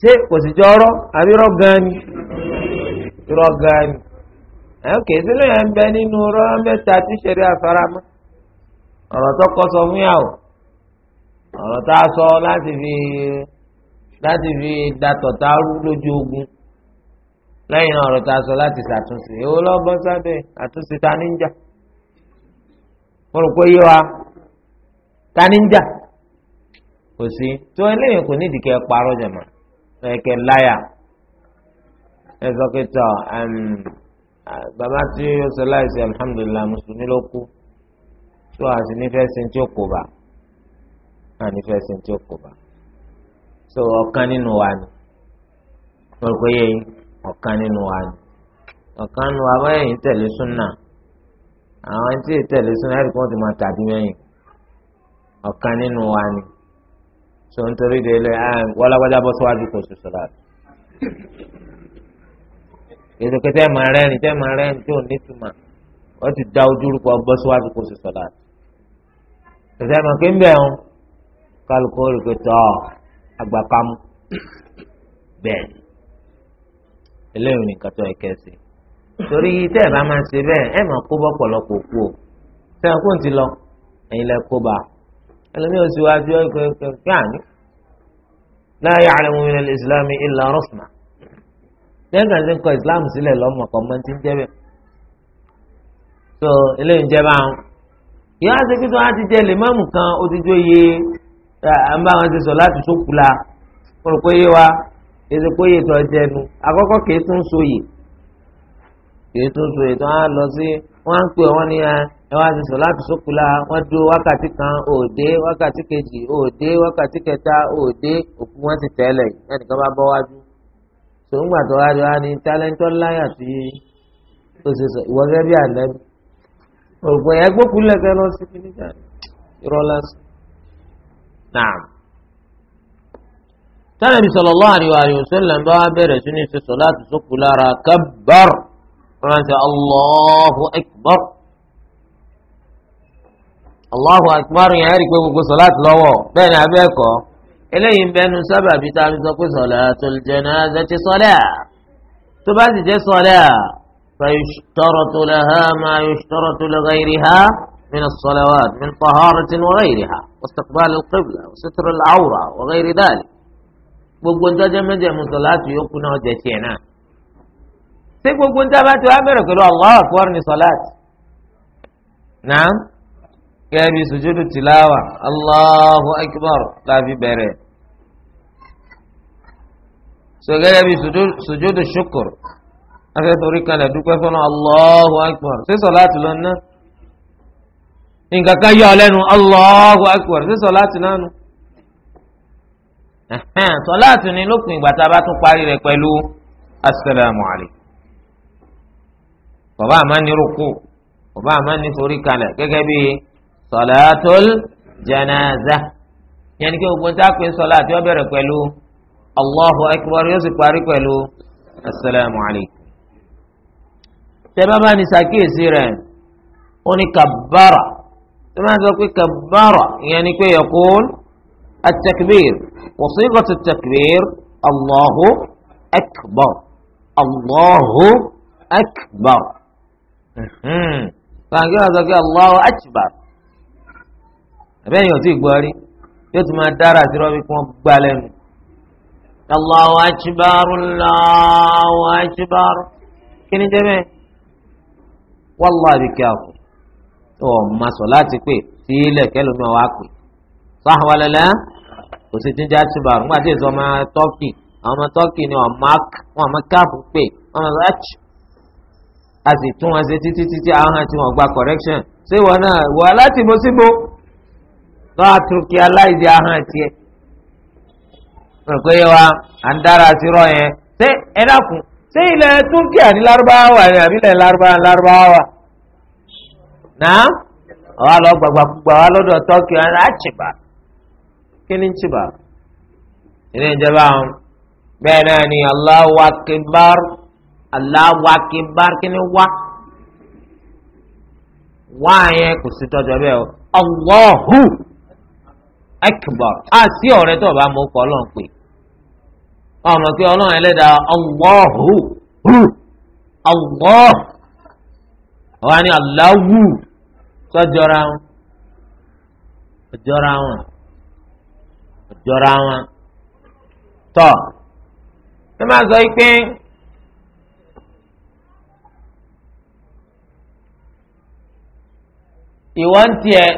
ṣé kò sì jọ ọ̀rọ̀ àbí irọ́ gan ni irọ́ gan ni ẹ̀kẹ́ sílẹ̀ yẹn ń bẹ nínú ọ̀rọ̀ mẹ́ta tí ṣẹ̀rí àfaramọ́ ọ̀rọ̀ tó kọ́ sọ fún yàwó ọ̀rọ̀ tá a sọ láti fi láti fi datọ̀ tá rú lójú ogun lẹ́yìn ọ̀rọ̀ tá a sọ láti ṣàtúnṣe èwo lọ́gbọ́n sábẹ́ àtúnṣe ta ní mo rò pé yé wa ta ní kò sí tó eléyìí kò nídìí kẹ́ ẹ parọ́ jẹ̀mọ́ ẹ kẹ́ láyà ẹ sọ pé tọ bàbá tí ó sọ láìsí alhamdulilah mùsùlùmí ló kú tó a sì nífẹ̀ẹ́ sí tí ó kò bá a nífẹ̀ẹ́ sí tí ó kò bá so ọ̀kan nínú wa ni olùkọ́ yẹ yín ọ̀kan nínú wa ni ọ̀kan nínú wa báyẹn yìí tẹ̀lé súnà àwọn tí ì tẹ̀lé súnà ẹ̀rí kan ti máa tàbí mẹ́yìn ọ̀kan nínú wa ni sọ nítorí délé àn wọlágbájá bọ́ síwájú kò sí sọlá ètò kẹtẹ máa rẹ́rìn tẹ́ máa rẹ́rìn tí ò ní tuma wọ́n ti da ojú rúkọ bọ́ síwájú kò sí sọlá kẹtẹ máa pé ń bẹ̀ ọ́n kálukú rẹ̀ tọ́ agbàkámú eléyìí nìkan tó ẹ̀kẹ́ sí torí tẹ́ ẹ̀ bá máa ṣe bẹ́ẹ̀ ẹ̀ máa kó bọ́ pọ̀lọpọ̀ kú o tẹ́ ẹ̀ kó ti lọ ẹ̀yin lẹ kó bá ẹlẹ́mi ò síwájú ọ̀kẹ́kẹ́kẹ́ni láàyè àlẹ́mùmínà ìsìlámì ìlà rọ́fùmà lẹ́yìn tí ń kọ ìsìlámù sílẹ̀ lọ́mọ kan mọ́ ti ń jẹ́bẹ̀ tó eléyìí ń jẹ́bẹ̀ àwọn ìyá ṣe kí tó wá ti jẹ lèmọ́mù kan ó ti jó iye à ń bá wọn ti sọ láti sókù la mo wa èsì pé yé tó àkọ́kọ́ kìí tún so kìí tún so tó wá lọ sí wọ́n pè wọ́n ní ẹ so sí sọláàtì sókùlà wọn dúró wákàtí kan òde wákàtí kejì òde wákàtí kẹta òde òkú wọn ti tẹ́lẹ̀ ẹnìkan bá bọ́ wájú sòwúngbà tó wájú wa ni tálẹ́ńtọ́ láyà tí ó ṣe sọ ìwọ bí ànábì òpò ẹ̀ gbókù lẹ́kẹ́ lọ sí kí níjà irọ́ lásán. naam tánàbí sallallahu alaihi wa sallam bá wá bẹ̀rẹ̀ sí ni ṣe sọláàtì Allahu akbar yẹn rí i pé gbogbo sọláàtì lọ́wọ́ bẹ́ẹ̀ ni abẹ́ ẹ̀kọ́ eléyìí ń bẹnu sábà bíi tá a fi sọ pé salatul janazati sọlẹ́ à tó bá sì jẹ́ sọlẹ́ à fa yushtaratu laha ma yushtaratu li ghayriha min as-salawat min taharatin wa ghayriha wa istiqbalil qibla wa sitril awra wa ghayri dhalik gbogbo ń tọ́jú méje mùsọ̀láàtì yókù náà jẹ tiẹ̀ náà ṣé gbogbo ń tábà tí wàá bẹ̀rẹ̀ pẹ̀lú Allahu akbar ni sọláàtì náà. kẹ́ẹ̀bi sùjúdù tìláwà Allahu akbar láfi bẹ̀rẹ̀ sọgẹ́gẹ́ bí sùjúdù ṣukur afẹ́fọ́rí kalẹ̀ dúpẹ́ fún Allahu akbar sísọ láti lọ nǹkan ká yọ lẹ́nu Allahu akbar sísọ láti lánu sọláàtù ni lópin ìgbà tá a bá tún parí rẹ̀ pẹ̀lú asalaamu alaykum bàbá àmà ní rúkú bàbá àmà ní forí kalẹ̀ gẹ́gẹ́ sọláàtúl jẹnáza yẹn ni kí gbogbo ń dápé sọlá àti wọn bẹ̀rẹ̀ pẹ̀lú allahu akbar yóò sì parí pẹ̀lú asalaamu alaykum. tẹ́bàbá ni sàkíyèsí rẹ̀ ó ní kàbára tó máa ń sọ pé kàbára ìyẹn ni pé yaqul at-takbir takbir allahu akbar allahu akbar. Hmm. báńkì wà sọ pé allahu akbar. àbẹ́yìn otu tí ì gbọ́ rí yóò tún máa dára sí rọ́bì kí wọ́n gbá lẹ́nu. Allahu akbar Allahu akbar kí ni sọ láti pè tí ilẹ̀ kẹlòmíọ̀ wá pè sáhùwalẹ̀lẹ̀ kò sí jíjẹ́ àtúbàrù nígbà tí èso ọmọ tọ́kì ọmọ tọ́kì ni wọ́n máa káàpù pè a sì tún wọn ṣe títí títí àwọn àti wọn gba correction ṣé lọ àtúrùkì aláìsí ahọ́n tiẹ̀. rò wa à ń dára sí rọ yẹn ṣé ẹ dákun ṣé ilẹ̀ Turkey àní lárúbáwá wà ni àbí lárúbáwá lárúbáwá wà. náà àwa lọ gbàgbàkúgbà wa lọ́dọ̀ Turkey wọn á kí ni tìbà ilé ìjọba àwọn bẹ́ẹ̀ náà ni kí ni wá wá yẹn kò akbar á sí ọ̀rẹ́ tó o bá mọ ọkọ ọlọ́run pé ọmọ pé ọlọ́run ẹlẹ́dàá Allahu Allah wa ni Allahu sọ́jọ́ra wọn ọjọ́ra wọn ọjọ́ra wọn tọ́ ẹ máa sọ pé. ìwọ tiẹ̀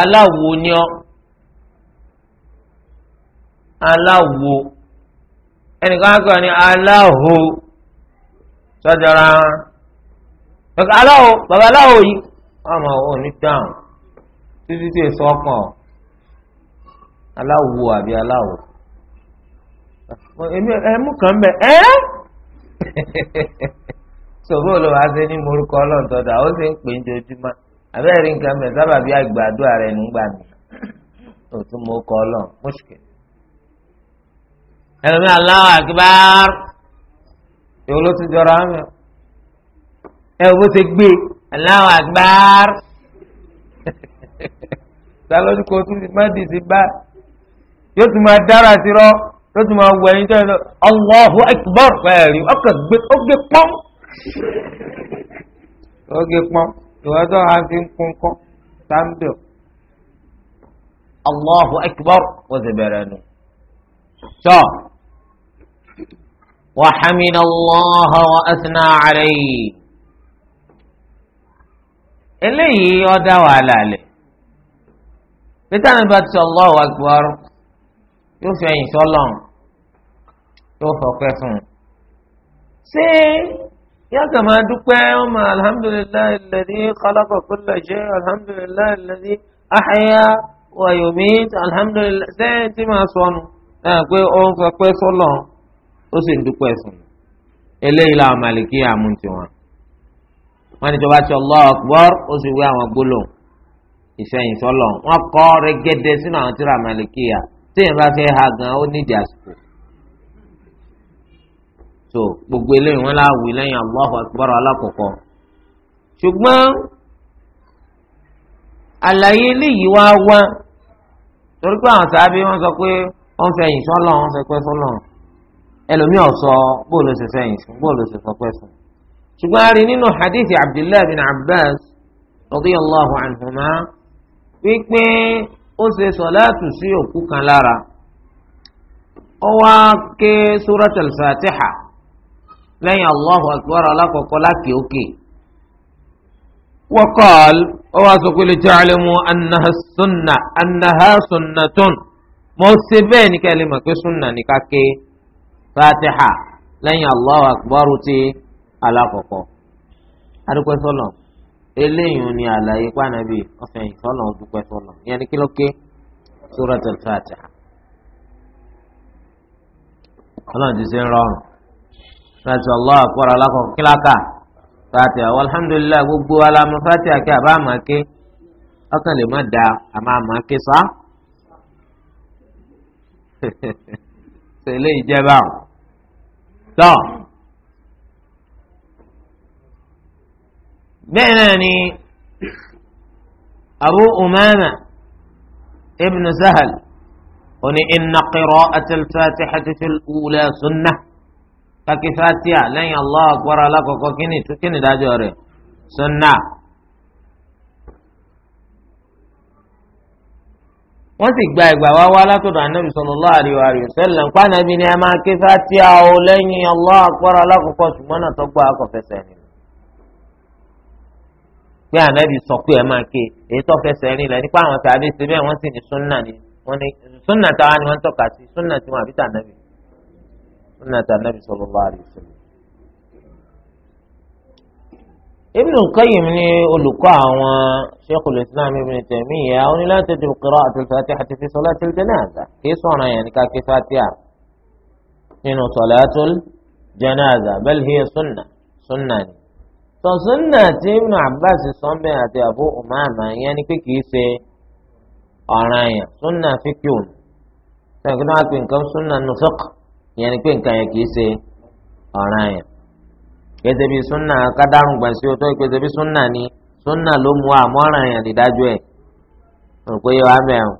aláwo ni ọ aláwo ẹnìkan á kọ́ ni aláwo sọ́jọ́ra wọn aláwo bàbá aláwo yìí ọmọ òní dáhùn títí tí èso ọkàn aláwo àbí aláwo èmi ẹmú kan bẹ ẹ sọ̀rọ̀ ló wá sí ní morúkọ ọlọ́ọ̀tọ́dà ó sì ń pè é jojúmọ́ abẹ́rẹ́ nǹkan mẹ́ sábà bí àgbàdo ààrẹ nígbà mi òtún mo kọ́ ọ lọ mọ́ṣùkẹ́. ẹlòmí Allahu Akbar èwo ló ti jọra wọn mẹ́wọ́ ẹ wo bó ṣe gbé Allahu Akbar sálọ́dún kò tún ti má di sí bá yóò tún máa dára sí rọ́ yóò tún máa wọ ẹyin tó ń lọ Allahu Akbar fẹ́ẹ̀rí ọkàn gbé ó pọ́n ó pọ́n ìwádọ́ ha fi ń kún kọ́ sáńbẹ̀ allahu akbar wọ́n ti bẹ̀rẹ̀ nù. tọ́ وحمد الله وأثنى عليه eléyìí ọdá wàhálà lẹ pétanì bá ti Allahu Akbar yóò fi ẹ̀yìn sọ́lọ́run yóò fọpẹ́ fún un ṣé yàtọ̀ máa dúpẹ́ ọmọ alhamdulilayi alladhi khalaqa kulla shay alhamdulilayi alladhi ahya wa yumit alhamdulilayi sẹ́yìn tí máa sọnù náà pé ó ń sọ pé sọ́lọ̀ ó sì ń dúpẹ́ sùn eléyìí làwọn màlìkí àmúntì wọn wọn ni tó bá ti Allahu akbar ó sì wí àwọn gbólóhùn ìfẹ̀yìntì Ọlọ́run wọn kọ́ rẹ́gẹ́dẹ́ sínú àwọn tíra màlìkí yà tí ìyẹn bá fẹ́ ha gan ó nídìí àsìkò so gbogbo eléyìí wọn láwùí lẹ́yìn Allahu Akbar alákọ̀ọ́kọ́ ṣùgbọ́n àlàyé eléyìí wá wá torí pé àwọn sábẹ wọn sọ pé wọn fẹ̀yìn sọlọ wọn fẹ́ pẹ́ sọlọ ẹlòmíì ọsọ bóòlù ṣe fẹ̀yìn sùn bóòlù ṣe sọ pẹ́ sùn ṣùgbọ́n a rí nínú hadithi Abdullahi bin Abbas radiyallahu anhuma wípé ó ṣe sọláàtù sí òkú kan lára ó ké surat al-Fatiha. lẹ́yìn allahu akbar alákọ̀ọ́kọ́ láti òkè. wọ́kọ́l ó wá sọ pé mo ṣe bẹ́ẹ̀ ní kẹ́lẹ́ mọ̀ pé fatiha lẹ́yìn allahu akbar ti adúpẹ́ eléyìí ni àlàyé pànàbí láti allah akbar alákọ̀ọ́ kíláka fatiha alhamdulilah gbogbo alamu fatiha kí a bá máa ké ọkàn lè má da àmọ́ àmọ́ ké sá tẹ̀lé ìjẹba tọ́ bẹ́ẹ̀ náà ni abu umama ibn sahal oni inna qira'atul fatihati fil ula sunnah. kàkí fatia allah akwara alákọ̀ọ́kọ́ kíni tún kíni dájọ́ rẹ̀ sunna. wọ́n sì gba ìgbà wá wá látọ̀dọ̀ anabi sallallahu alaihi wa sallam ni ẹ máa ké o lẹ́yìn allah akbar alákọ̀ọ́kọ́ ṣùgbọ́n náà tó akọ̀fẹsẹ̀ pé anabi sọ pé ẹ máa ké èyí tó nípa àwọn nínú àti anabi sallallahu alaihi wasallam. Ibn Qayyim ni olùkọ́ àwọn Sheikhul Islam Ibn Taymiyyah ó ní la tajib qira'atu al-Fatihati fi salatil janaza kì í sọ̀rọ̀ yẹn ká kí Fatiha nínú salatul janaza bal hiya sunnah sunnah ni. sọ̀sùnà tí Ibn Abbas sọ́nbẹ́ àti Abu Umama yẹn ni pé kì í ṣe ọ̀ranyàn sunnah fíkìún. sọ̀rọ̀ kí wọ́n á pè nǹkan sunnah nusuk. ìyẹn ni pé nǹkan yẹn kìí ṣe ọ̀ràn yẹn kẹsẹ̀ bíi súnà kádàrún gbọ̀nsẹ̀ tó kẹsẹ̀ bíi súnà ni súnà ló mú àmọ́ràn yẹn nídájú ẹ̀ rò pé yọ amẹ́ o.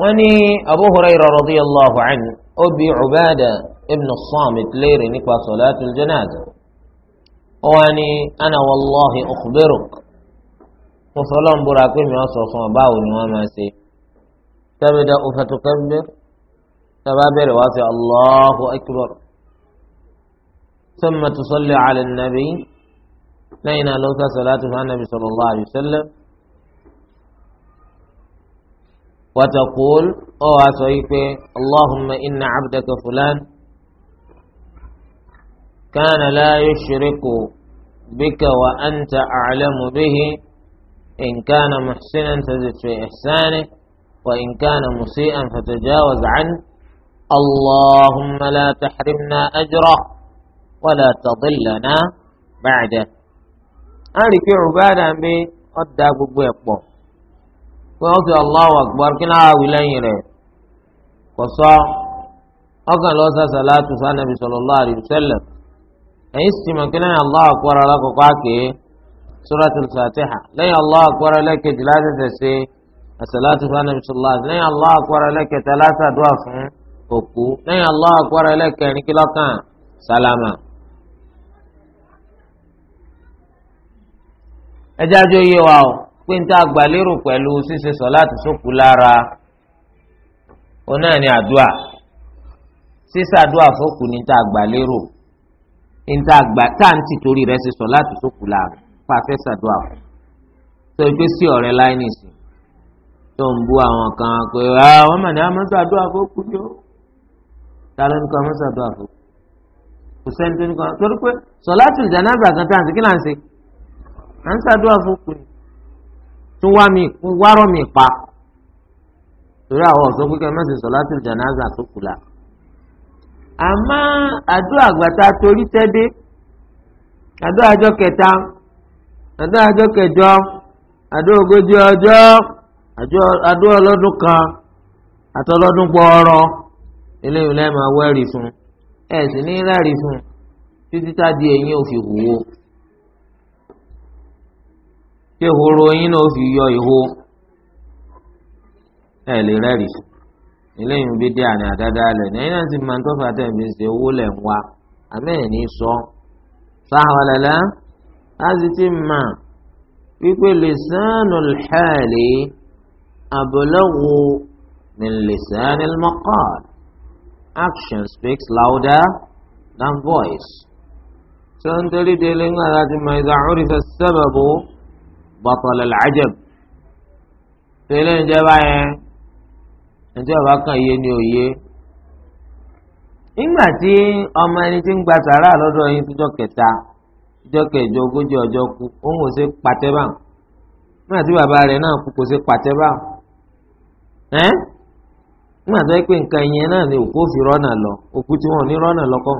wọ́n ní Abu Hurairah radiyallahu anhu ó bi ibn Samit léèrè nípa salatul janaza. wọ́n ní ana wàllọ́hì ọ̀kùbẹ́rùk mo fọlọ́n búra pé mi wọ́n sọ fún ọ báwo ni wọ́n máa ṣe tábìdá òfàtúkẹ́mbẹ́ tábà bẹ̀rẹ̀ wá sí allahu akbar sọ́mà tó sọ́lẹ̀ àlẹ́ nàbí lẹ́yìn náà ló ká sọ́láàtì fún anabi sallallahu alayhi wa sallam wàtàkùl ọ̀ wá sọ yìí pé allahumma inna abdaka fulan. كان لا يشرك بك وأنت أعلم به إن كان محسنا تزد في إحسانه وإن كان مسيئا فتجاوز عنه اللهم لا تحرمنا أجره ولا تضلنا بعده أنا في عبادة بي أدى بقبو وقلت الله أكبر كنا أولين وصا أكن لوسا صلاة النبي صلى الله عليه وسلم ẹ̀yin sì mọ̀ kí lẹ́yìn Allahu Akbar alákọ̀ọ́kọ́ surat Suratul Fatiha lẹ́yìn Allahu Akbar ẹlẹ́kẹ̀jì láti tẹ̀sí as fún anabi sọlá lẹ́yìn Allahu Akbar ẹlẹ́kẹ̀tẹ̀ alásàdúrà fún òkú lẹ́yìn Allahu Akbar ẹlẹ́kẹ̀rin kílọ́kàn sálámà. wa o pé n ta gbàlérò pẹ̀lú ṣíṣe sókù lára náà ni àdúà ṣíṣe àdúà fókù ní ta gbàlérò. níta àgbà táǹtì torí rẹ̀ ṣe sọ láti sókù láàmú fàfẹ́ sàdúrà fún tó o gbé sí ọ̀rẹ́ láì nìsín tó ń bú àwọn kan pé àwọn màní àmọ́sàdúrà fókù ni ó ta ló ní kọ́ àmọ́sàdúrà fókù kò sẹ́ni ní kọ́ torí pé sọ láti ìjànàbà kan táǹtì kí là ń ṣe à ń sàdúrà fókù ni tún wá mi wárọ̀ mi pa torí àwọn ọ̀sọ́ pé kẹ́ mẹ́sìn sọ láti ìjànàbà tó kù láà. àmọ́ àdúrà àgbàtà torí tẹ́dé àdúrà àjọ kẹta àdúrà àjọ kẹjọ àdúrà ogójì ọjọ́ àdúrà ọlọ́dún kan àtọlọ́dún gbọ́ọ̀rọ̀ eléyìí lẹ́ẹ̀ máa wẹ́rì fún ẹ̀ sì ní fún títí tá di ẹ̀yìn ò fi wúwo tí náà fi yọ ìho Ẹ lè rẹ́rì fún. eléyìí ń bí dé àná àdáadáa lẹ̀ ní ẹ̀yìn àti màtọ́fà tẹ̀ fi ń ṣe owó lẹ̀ ń wa àmẹ́ẹ̀ ní sọ sáwọn lẹ́lẹ́ láti ti mà wípé lisanul hali ablagu min lisanil maqal action speaks louder than voice. tó ń torí délé ńlá láti mọ ìdá òrìṣà sábàbò bàtọ̀lẹ̀ làjẹb tẹ́lẹ̀ ń jẹ́ báyẹn. ǹjẹ́ ọba kan iye ni òye nígbà tí ọmọ ẹni tí ń gba sàrà lọ́dọ̀ yín síjọ́ kẹta síjọ́ kẹjọ ogójì ọjọ́ kú òun ṣe pàtẹ́ bá nígbà bàbá rẹ̀ náà kú kò ṣe pàtẹ́ bá ẹ́ nígbà tó yẹ pé nǹkan náà ni òkú lọ òkú tí ní rọ́nà lọ́kọ̀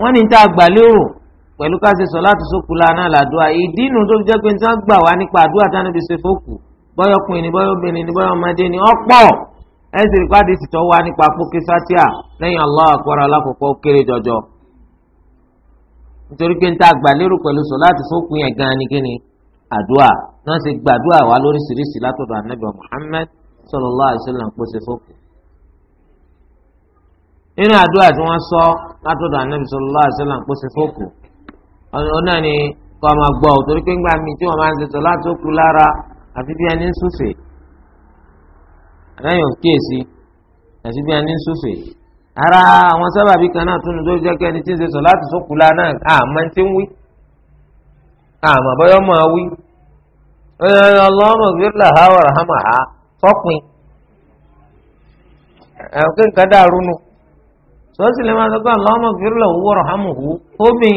wọ́n ní tá a gbà lérò pẹ̀lú ká ṣe sọ̀láàtù sókù lánàá làdúrà ìdí inú tó fi jẹ́ pé ní tá a gbà wá nípa àdúrà tánàbí ṣe fókù bọ́yọ̀kùnrin ni bọ́yọ̀bìnrin ni bọ́yọ̀mọdé ni ọ̀pọ̀ ẹ sì rí pàdé sì tọ́ wá nípa pókè sátíà lẹ́yìn Allah akbar alákòókò kéré jọjọ. nítorí pé ní tá a gbà lérò pẹ̀lú sọ̀láàtù sókù yẹn gan ni kíni àdúrà náà ṣe gbàdúrà wá lóríṣiríṣi látọ̀dọ̀ anábìyàn Muhammad sallallahu alaihi wasallam pèsè fókù nínú àdúrà tí wọ́n sọ látọ̀dọ̀ anabi sallallahu alaihi wasallam kó ṣe fókù ọ̀nà ni kó a máa gbọ́ ọ torí pé ńgbà mi tí wọ́n máa ń ṣètò láti ó kú lára àfi bí ẹni ń súfè àdáyọ̀ kíyèsí àti bí ẹni ń súfè ara àwọn sábàbí kan náà tún tó jẹ́ kí ẹni tí ń ṣètò láti sókù lára náà àmọ́ ti ń wí àmọ́ bọ́yọ́ máa wí ọlọ́mọ gbẹ́lá sọ́sì lè máa sọ pé Allahumma ighfir lahu warhamhu fóbìn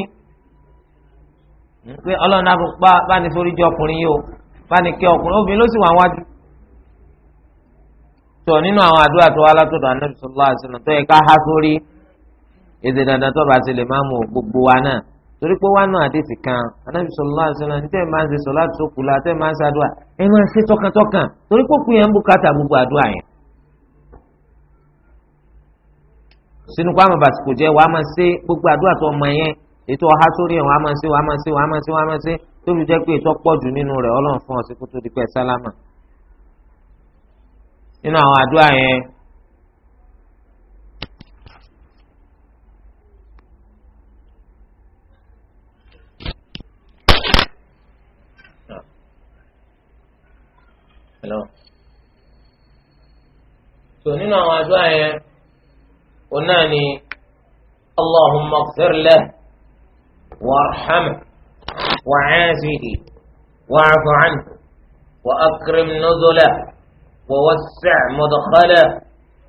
pé ọlọ́run náà bá bá ní forí jọ ọkùnrin yìí o bá ní kí ọkùnrin obìnrin ló sì wà wájú. tó nínú àwọn àdúrà tó wá látọ̀dọ̀ Ànábì sallallahu alaihi wasallam tó yẹ ká há sórí èdè dandan tó bá ti lè máa mú gbogbo wa náà torí pé wánú àdéhìí kan Ànábì sallallahu alaihi níta ẹ̀ máa ń ṣe sọ láti sókùlà àti ẹ̀ máa ń ṣàdúrà ẹ̀ máa ń ṣe tọkàntọkàn torí pé òkú yẹn ń bùkátà gbogbo àdúrà yẹn. sínú kó àmọ̀ bàtìkò jẹ́ wàá máa ṣe gbogbo àdúrà tó ọmọ yẹn ètò ọha sórí ẹ̀ wàá máa ṣe wàá máa ṣe wàá máa ṣe wàá máa ṣe tó fi jẹ́ pé ètò pọ̀ jù nínú rẹ̀ ọlọ́run fún ọtí kó tó di pẹ́ sálámà. nínú àwọn àdúrà yẹn so nínú àwọn àdúrà yẹn. òun اللهم اغفر له وارحمه وعافه واعف عنه وأكرم نزله ووسع مدخله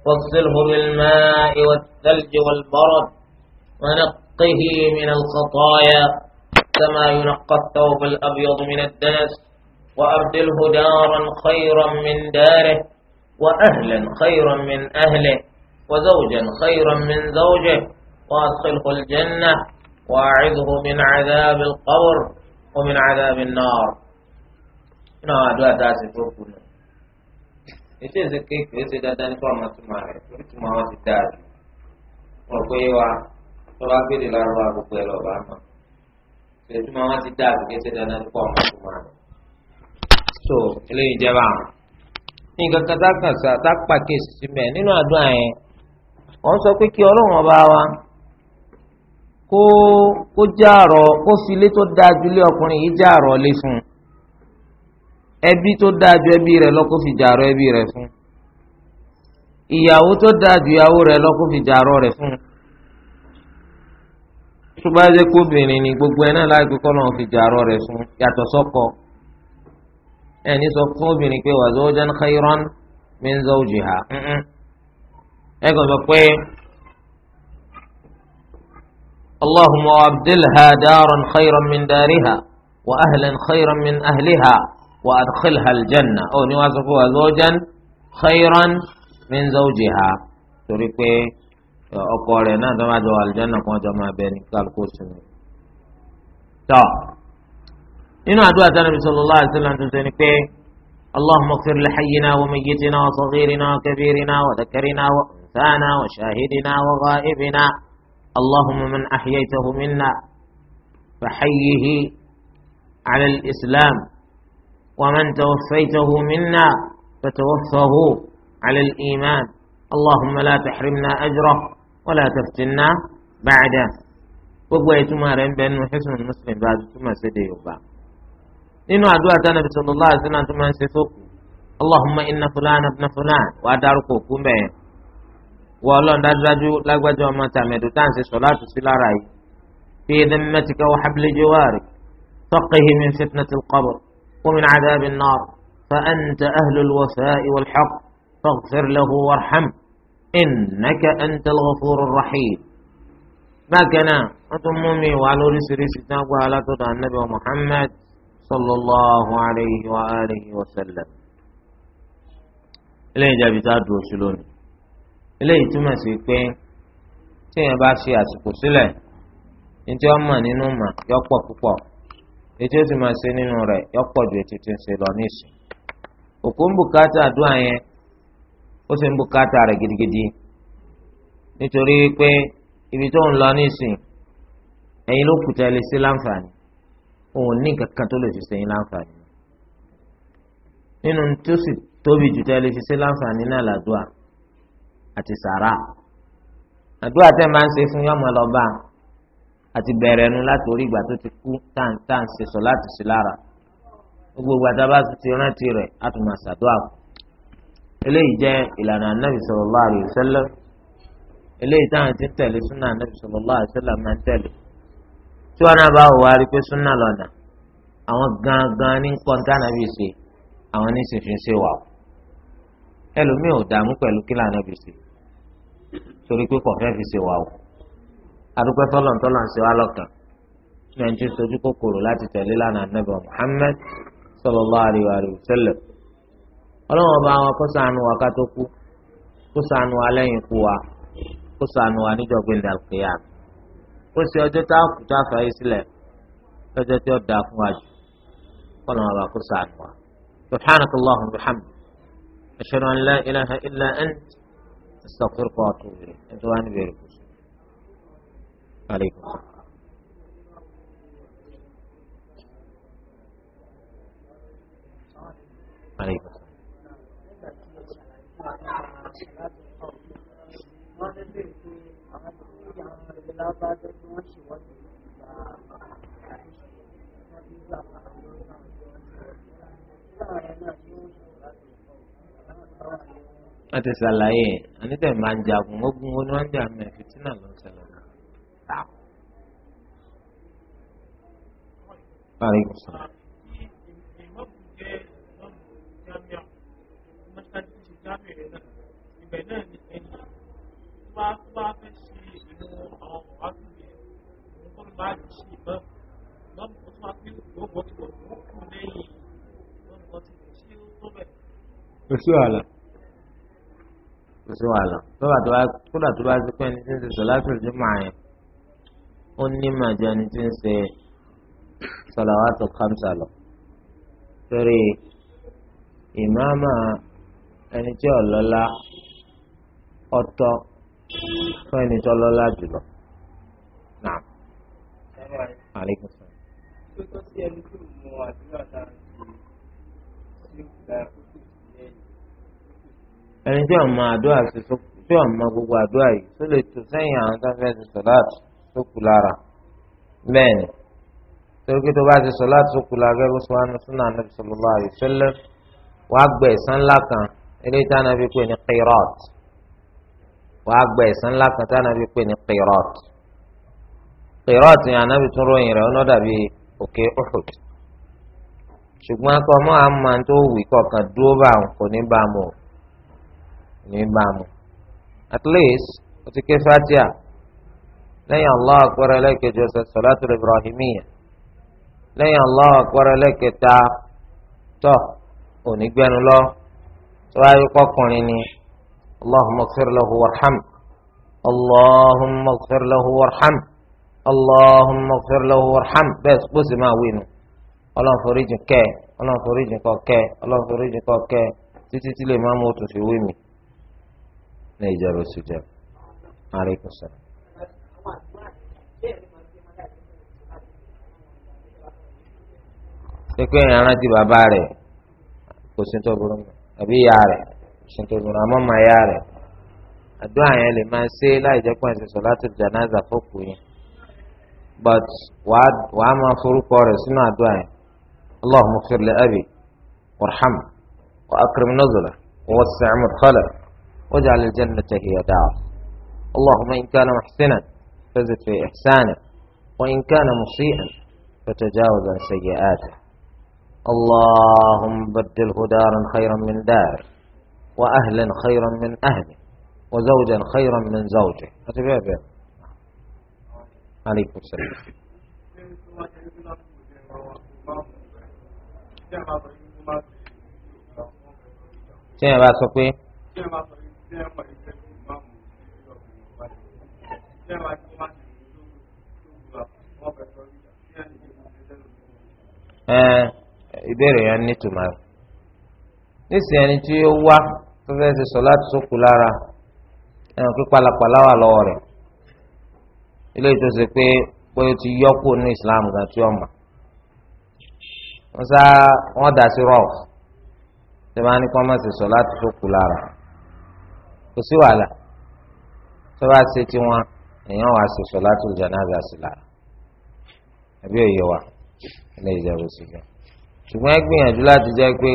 واغسله بالماء والثلج والبرد ونقه من الخطايا كما ينقى الثوب الأبيض من الدنس وأبدله دارا خيرا من داره وأهلا خيرا من أهله وزوجا خيرا من زوجه وأدخله الجنة وأعذه من عذاب القبر ومن عذاب النار náà àdúrà tá a sì tó kù nù ètò ìsèké kìí ṣe dandan ní fọlọmọ túmọ̀ rẹ̀ torí túmọ̀ wọn ti dáa jù wọn pé wa tó bá gbé de lárúbá gbogbo ẹ lọ bá mọ ṣe túmọ̀ wọn ti dáa jù kìí ṣe dandan ní fọlọmọ túmọ̀ rẹ̀. so eléyìí jẹ́ báwọn ní nǹkan kan tá a kàn sá tá a pàkíyèsí sí mẹ́ẹ̀ nínú àdúrà yẹn wọ́n sọ pé kí ọlọ́run ọba wa kó kó jàrọ̀ kó fi ilé tó dáa ju ilé ọkùnrin yìí jàrọ̀ lé fún un ẹbí tó dáa ju ẹbí rẹ̀ lọ kó fi jàrọ̀ ẹbí rẹ̀ fún un ìyàwó tó dáa ju ìyàwó rẹ̀ lọ kó fi jàrọ̀ rẹ̀ fún un tó bá obìnrin ni gbogbo ẹ̀ náà láì kókó náà fi jàrọ̀ rẹ̀ fún un yàtọ̀ sọ́kọ ẹni sọ fún obìnrin pé wa zawjan khayran min zawjiha ẹ̀gbọ́n sọ pé اللهم وابدلها دارا خيرا من دارها وأهلا خيرا من أهلها وأدخلها الجنة أو نواسفها زوجا خيرا من زوجها torí pé ọkọ rẹ̀ náà tó máa jọ àlùjáná kan jọ máa bẹ ní kálukú sinmi. tọ́ nínú àdúrà tí Ànábì sallallahu alaihi wasallam tó ṣe ni pé اللهم اغفر لحينا وميتنا وصغيرنا وكبيرنا وذكرنا و... وموتانا وشاهدنا وغائبنا اللهم من أحييته منا فحيه على الإسلام ومن توفيته منا فتوفه على الإيمان اللهم لا تحرمنا أجره ولا تفتنا بعده gbogbo ìtumọ̀ rẹ̀ ń bẹ nínú hẹ́sùn muslim bá a túmọ̀ sí de yorùbá nínú àdúrà tánà bisalòlá àti náà tó máa ń ṣe sókù allahumma inna fulana ibn fulan wàá dárúkọ òkú mbẹ́yẹn wọ́n ọlọ́run dájúdájú lágbájá ọmọ tàmẹ̀dù tá à ń ṣe sọ láti sí lára yìí fi dhimmatika wa habli jawarik taqih min fitnatil qabr wa min adhabin nar fa anta ahlul wafa'i wal haqq fa ẹ̀ ń tẹ antal ghafurur rahim. bákan náà wọ́n tún mú mi wá lóríṣiríṣi tí wọ́n gbọ́ alátọ́dọ̀ anábì wa muhammad sallallahu alayhi wa alihi wa sallam. ilé ìjàbí tá a sí lónìí. eléyìí túmọ̀ sí pé tí èèyàn bá ṣe àsìkò sílẹ̀ ní tí wọ́n mọ̀ nínú mọ̀ yọ pọ̀ púpọ̀ ètò tí máa ṣe nínú rẹ̀ yọ pọ̀ ju ètò tí ń ṣe lọ nísìn òkú ń bùkátà àdúrà yẹn ó sì ń bùkátà rẹ̀ gidigidi nítorí pé ibi tó ń lọ nísìn ẹ̀yin ló kùtà lè ṣe láǹfààní òun ní kankan tó lè fi ṣe yín láǹfààní nínú tó sì tóbi jù tẹ́ lè fi ṣe láǹfààní náà làdúrà àti sàrà àdúrà tẹ́ máa ń ṣe fún yọmọ lọ́ba àti bẹ̀rẹ̀ nu láti orí ìgbà tó ti kú táǹtà ń ṣe sọ láti sí lára gbogbo gbàtà ti rántí rẹ̀ á tún eléyìí jẹ́ ìlànà anábì sallallahu alaihi wasallam eléyìí táwọn ti ń tẹ̀lé súnà anábì sallallahu alaihi wasallam máa ń tẹ̀lé tí wọn náà bá wò wá rí pé súnà lọ́nà àwọn gangan ní kọ́ńtà anábì ṣe àwọn ní ṣèṣin ṣe wà ẹlòmíì ò dààmú pẹ̀lú kí lànà bì ṣe torí pé kọ̀ọ̀fẹ́ fi ṣe wà o adúpẹ́ fọlọ́n ń ṣe wá lọ́kàn ní ẹni tí ń sojú kòkòrò láti tẹ̀lé Muhammad sallallahu alaihi wa ọlọ́wọ́n bá wọn kó ṣàánú wa ká tó kú kó ṣàánú wa lẹ́yìn ikú wa kó ṣàánú kó ọjọ́ tá a kù tá a fà yí sílẹ̀ lọ́jọ́ tí ó dáa fún wa استغفرك واتوب اليك انتوا عن غيرك عليكم عليكم Thank wọ́n ti ṣàlàyé ànítẹ̀ máa ń jagun ogun wo ni wọ́n ń jà mẹ́ fìtínà ló ń ṣẹlẹ̀ náà. Kò sí wàhálà kò sí wàhálà kódà tó bá kódà tó bá sípẹ́ ní tí ń ṣe sọ̀láṣù tí máa yẹn ó ní màjọ ní tí ń ṣe sọ̀làwátò kàmsà lọ. torí ìmáàmà ẹni tí ọ̀lọ́lá ọ̀tọ̀ fún ẹni tí ọlọ́lá jùlọ. náà ṣe ẹni tí wọn máa àdúrà sí tí wọn máa gbogbo àdúrà yìí tó lè tó sẹ́yìn àwọn tó fẹ́ẹ́ ti sọláàtì tó kù lára bẹ́ẹ̀ ni torí pé tó bá ti sọláàtì tó kù lára gẹ́gẹ́ sọ wọn sún náà nàbì sallallahu alaihi wasallam wàá gbẹ ẹ̀san ńlá kan eléyìí tá nàbì pè ní qirat wàá gbẹ ẹ̀san ńlá kan tá nàbì pè ní qirat qirat ni ànábì tún ròyìn rẹ̀ ọ̀nà dàbí òkè Uhud ṣùgbọ́n akọ mọ́ àmọ́ tó wù kọ̀ọ̀kan dúró bá àwọn kò ní bá a mọ̀ ọ́ ní ìbámu at least o ti ké fatia lẹ́yìn allah akbar ẹlẹ́kẹjọ sọ̀tọ̀ ibrahimiya lẹ́yìn allah akbar ẹlẹ́kẹta tọ́ onígbẹ́nu lọ tó ayé kọkùnrin ni allahumma ighfir lahu warham allahumma ighfir lahu warham allahumma ighfir warham bẹ́ẹ̀ bó máa wí nu ọlọ́run foríjì kẹ́ ọlọ́run foríjì kọ́ kẹ́ ọlọ́run foríjì kọ́ kẹ́ títí tí lè máa mú òtún fi wí mi. na ìjọba oṣù jẹ àríkù sọ̀rọ̀. pípé ìrántí bàbá rẹ̀ kò sí tó burú àbí ìyá rẹ̀ sí tó burú àmọ́ màá yá rẹ̀ àdúrà yẹn lè máa ṣe láì jẹ́ fọ́ọ̀kù yẹn but wàá máa forúkọ rẹ̀ sínú àdúrà yẹn allahumma ighfir abi warham wa akrim nuzulahu wa wasi' واجعل الجنة هي داره اللهم إن كان محسنا فزد في إحسانه وإن كان مسيئا فتجاوز عن سيئاته اللهم بدله دارا خيرا من دار وأهلا خيرا من أهله وزوجا خيرا من زوجه أتبع عليكم السلام tí ẹ bá sọ pé ìbéèrè yẹn nítumọ̀ nísìnyí ẹni tí ó wá tó fẹ́ ṣe sọ láti sókù lára ẹnu pé pálapàla wà lọ́wọ́ rẹ̀ ilé tó ṣe pé pé ó ti ní Islam gan tí ó wọ́n sá wọ́n sí ní kí wọ́n má ṣe sọ láti lára. kò sí wàhálà tó bá ṣe tiwọn èèyàn wàá ṣe sọ̀látù jánásà sí lára àbí òye wa ilé ìjẹun sí jẹ ṣùgbọ́n ẹ gbìyànjú láti jẹ́ pé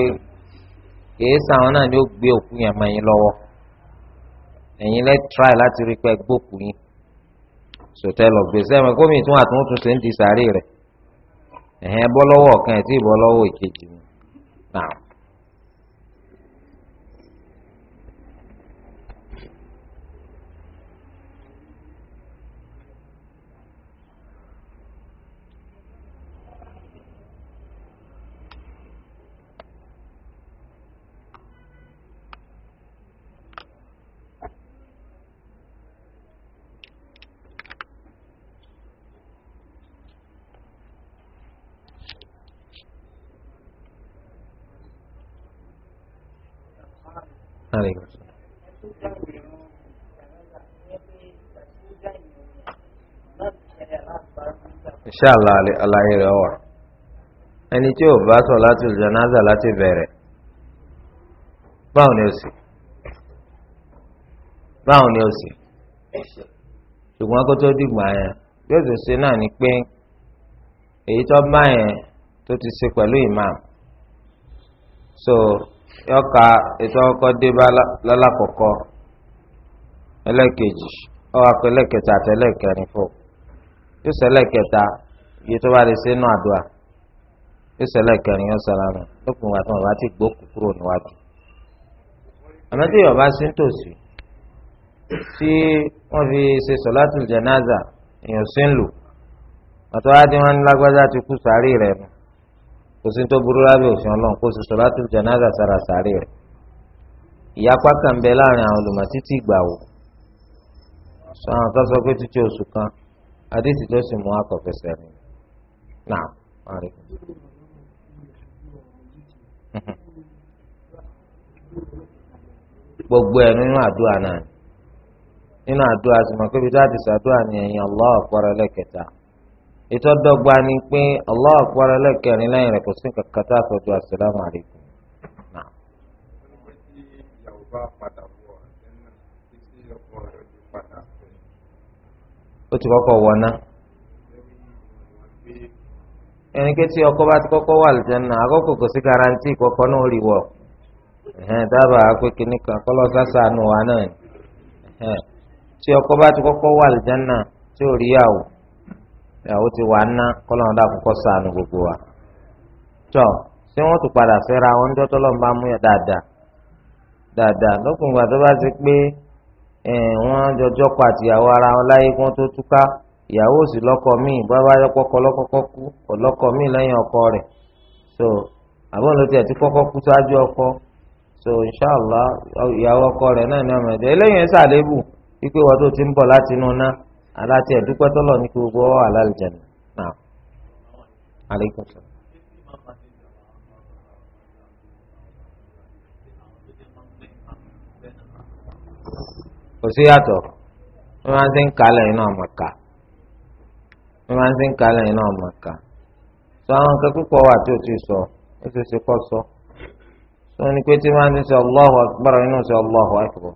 kìí sàwọn náà ni ó gbé òkú yẹn mọ́ yín lọ́wọ́ ẹ̀yin lẹ́ tíráì láti rí pé gbókù yín sòtẹ́ lọ gbèsè ẹ̀mọ́ gómìnà tún àtúntò ṣe ń di sàárè rẹ̀ ẹ̀hẹ́n bọ́ lọ́wọ́ ọ̀kan ẹ̀ tí ì bọ́ lọ́wọ́ ìkejì mi náà. عليكم السلام inṣàlá aláyé rẹ wà ẹni tí ò bá sọ láti janaza láti bẹ̀rẹ̀ báwo ni ó sì báwo ni ó sì ṣùgbọ́n kó tó dìgbà yẹn yóò tó ṣe náà ni pé èyí tó bá yẹn tó imam yọka ètò ọkọ débá lálàkọ̀kọ́ ẹlẹ́kejì ọkọ ẹlẹ́kẹta àti ẹlẹ́kẹrin fò yóò sọ ẹlẹ́kẹta iye tó bá lè ṣe nù àdúrà yóò sọ ẹlẹ́kẹrin yóò sọ lánàá lópin wàtí wọn bá ti gbókù kúrò níwájú àmọ́ tí yorùbá sí ń tòsí tí wọ́n fi ṣe sọ̀látùl jánásà èèyàn sí ń lò àtọ́wádìí wọn ní lágbájá ti kú sàárì rẹ̀ nù òsì tó burú lábẹ́ òfin ọlọ́run kó sì sọ̀látù jánásà sára sàárè rẹ̀ ìyapa kan bẹ láàrin àwọn olùmọ̀ títí ìgbà wò sọ àwọn tó pé títí oṣù kan àdéhìí ló sì mú akọ̀fẹsẹ̀ rìn náà wọ́n rí. gbogbo ẹ̀ nínú àdúrà náà nínú àdúrà sì mọ̀ pé bí ni ẹ̀yin ìtọ́dọ́gba ni pé Allahu akbar lẹ́kẹ̀rin lẹ́yìn rẹ̀ kò sí nǹkan kan tá a sọ̀tún assalamu alaikum. ó ti kọ́kọ́ wọná ẹnikẹ́ tí ọkọ bá ti kọ́kọ́ wà lìjẹ́nà àkọ́kọ́ kò sí garanti kọ́kọ́ náà rí wọ̀ dábàá pé kínní kọ́lọ́ sásà nù wá náà tí ọkọ bá ti kọ́kọ́ wà lìjẹ́nà tí ò rí yàwó ìyàwó ti wà ná kọ́lọ́n dà kókó sànù gbogbo wa. tọ́ ṣé wọ́n tún padà fẹ́ra wọn níjọ́ tọ́lọ́ bá mú yẹn dáadáa dáadáa lọ́kùnrin gbà tó bá ti pé wọ́n jọjọ́ pa àtìyàwó ara wọn láyé kí wọ́n tó túká ìyàwó sì lọ́kọ míì bàbá yọpọ̀ kọ lọ́kọ́kọ́ kú kò míì lẹ́yìn ọkọ rẹ̀ so àbọ̀n ló tiẹ̀ ti kọ́kọ́ kú sáájú ọkọ so inshàlá ìyàwó ọkọ rẹ̀ náà ní ọmọ ẹ̀dẹ́ eléyìí ẹ̀ sàlébù wípé wọ́n tó ti ń bọ̀ láti náà aláti ẹ̀dúpẹ́ tọ́lọ̀ ní kí gbogbo na alálìjẹ̀nà náà alaikum salaam. kò sí yàtọ̀ wọ́n máa ń ti kalẹ̀ iná wọ́n máa ń sọ àwọn nǹkan púpọ̀ wà tí o ti sọ o ti ṣe kọ́ sọ sọ ni pé tí wọ́n máa ń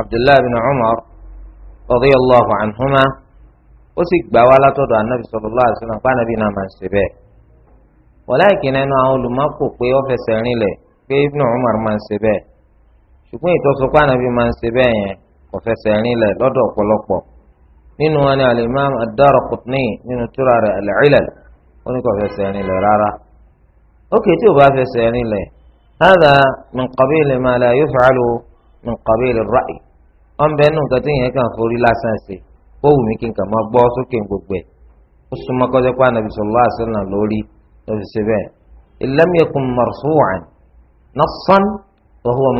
abdullahi bin umar radiyallahu anhuma ó sì gbà wá látọ̀dọ̀ anabi sallallahu alaihi wasallam fún anabi náà máa ń ṣe bẹ́ẹ̀ walakin ẹnu àwọn olùmọ́kò pé ó fẹsẹ̀ rinlẹ̀ pé ibnu umar máa ń ṣe bẹ́ẹ̀ ṣùgbọ́n ìtọ́sọpá anabi máa ń ṣe bẹ́ẹ̀ yẹn kò fẹsẹ̀ rinlẹ̀ lọ́dọ̀ ọ̀pọ̀lọpọ̀ nínú wọn ni alimam ad-Daraqutni nínú tírà rẹ̀ al-Ilal ó ní kò fẹsẹ̀ rinlẹ̀ rárá ókè tí ò bá fẹsẹ̀ rinlẹ̀ hada min qabili ma la yuf'alu min qabili ar-ra'yi wọn bẹ nù nǹkan téèyàn kàn forí lásán ṣe ó wù mí kí n kàn máa gbọ́ sókè gbogbo ẹ̀ ó súnmọ́ kọ́jọ́ pé ànàbì sallallahu alaihi wasallam lórí lọ́fi ṣe bẹ́ẹ̀ illam yakun marfu'an nassan wa sòtú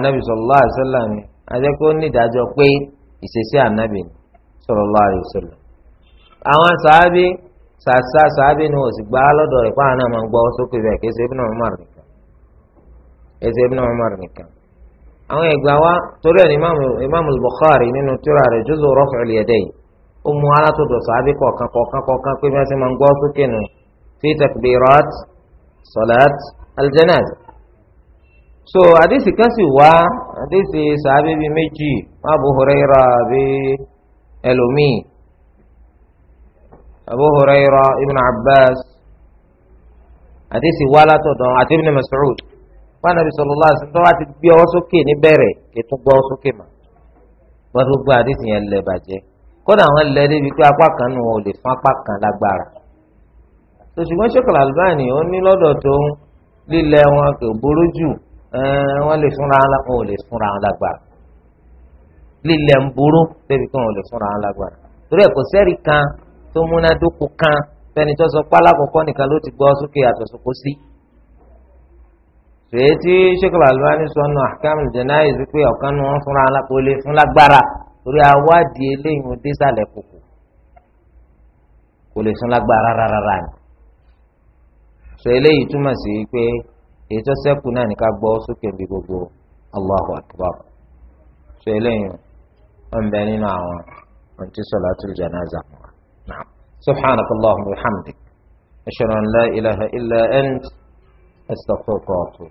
ànàbì sallallahu alaihi ni àjẹ́ kó pé ìṣesí sallallahu alaihi ẹsẹ̀ náà ibn Umar nìkan àwọn ìgbà wa torí ẹni imaamu Bukhari nínú tírà rẹ̀ juz'u raf'il yìí ó mú alátòdò sàbí kọ̀ọ̀kan kọ̀ọ̀kan kọ̀ọ̀kan pé bí wọ́n ti máa ń gbọ́ sókè nù fi rọt salat aljanaz so àdìsí kan sì wá àdìsí sàbí bíi méjì wọn Abu Huraira bíi ẹlòmíì Abu Huraira ibn Abbas àdìsí wá látòdò àti ibn Mas'ud. fanabi sallallahu alaihi wasallam ti gbé ọwọ́ sókè níbẹ̀rẹ̀ ètò gbọ́ ọwọ́ sókè mà wọn tó gbọ́ àdéhùn yẹn lẹ bàjẹ́ kódà àwọn lẹ débi pé apá kan nù wọn ò lè fún apá kan lágbára ṣùgbọ́n ṣèkọlà albani ó ní lọ́dọ̀ tó ń lílẹ̀ wọn kò burú jù wọn lè fúnra wọn ò lè fúnra wọn lágbára lílẹ̀ ń burú débi pé wọn ò lè fúnra wọn lágbára torí ẹ̀ kò sẹ́rí kan tó múnádóko kan fẹ́ni tó sọ pálákọ̀ọ́kọ́ nìkan ló ti gbọ́ sókè àtọ̀sọ̀kọ́ sí sèé tí Sheikh Al-Albani sọnù ahkamul janayiz pé ọ̀kan ni wọ́n fúnra alákòólé fún lágbára torí awádìí eléyìí ń désàlẹ̀ kòkò kò lè fún lágbára rárára ni sọ eléyìí túmọ̀ sí pé èyí tó sẹ́kù náà ní ká gbọ́ sókè bí gbogbo Allahu Akbar sọ eléyìí wọ́n ń bẹ nínú àwọn ohun tí salatul janaza mọ́ wa. subhanakallahumma wa bihamdik ashhadu an la ilaha illa ant. استغفرك واتوب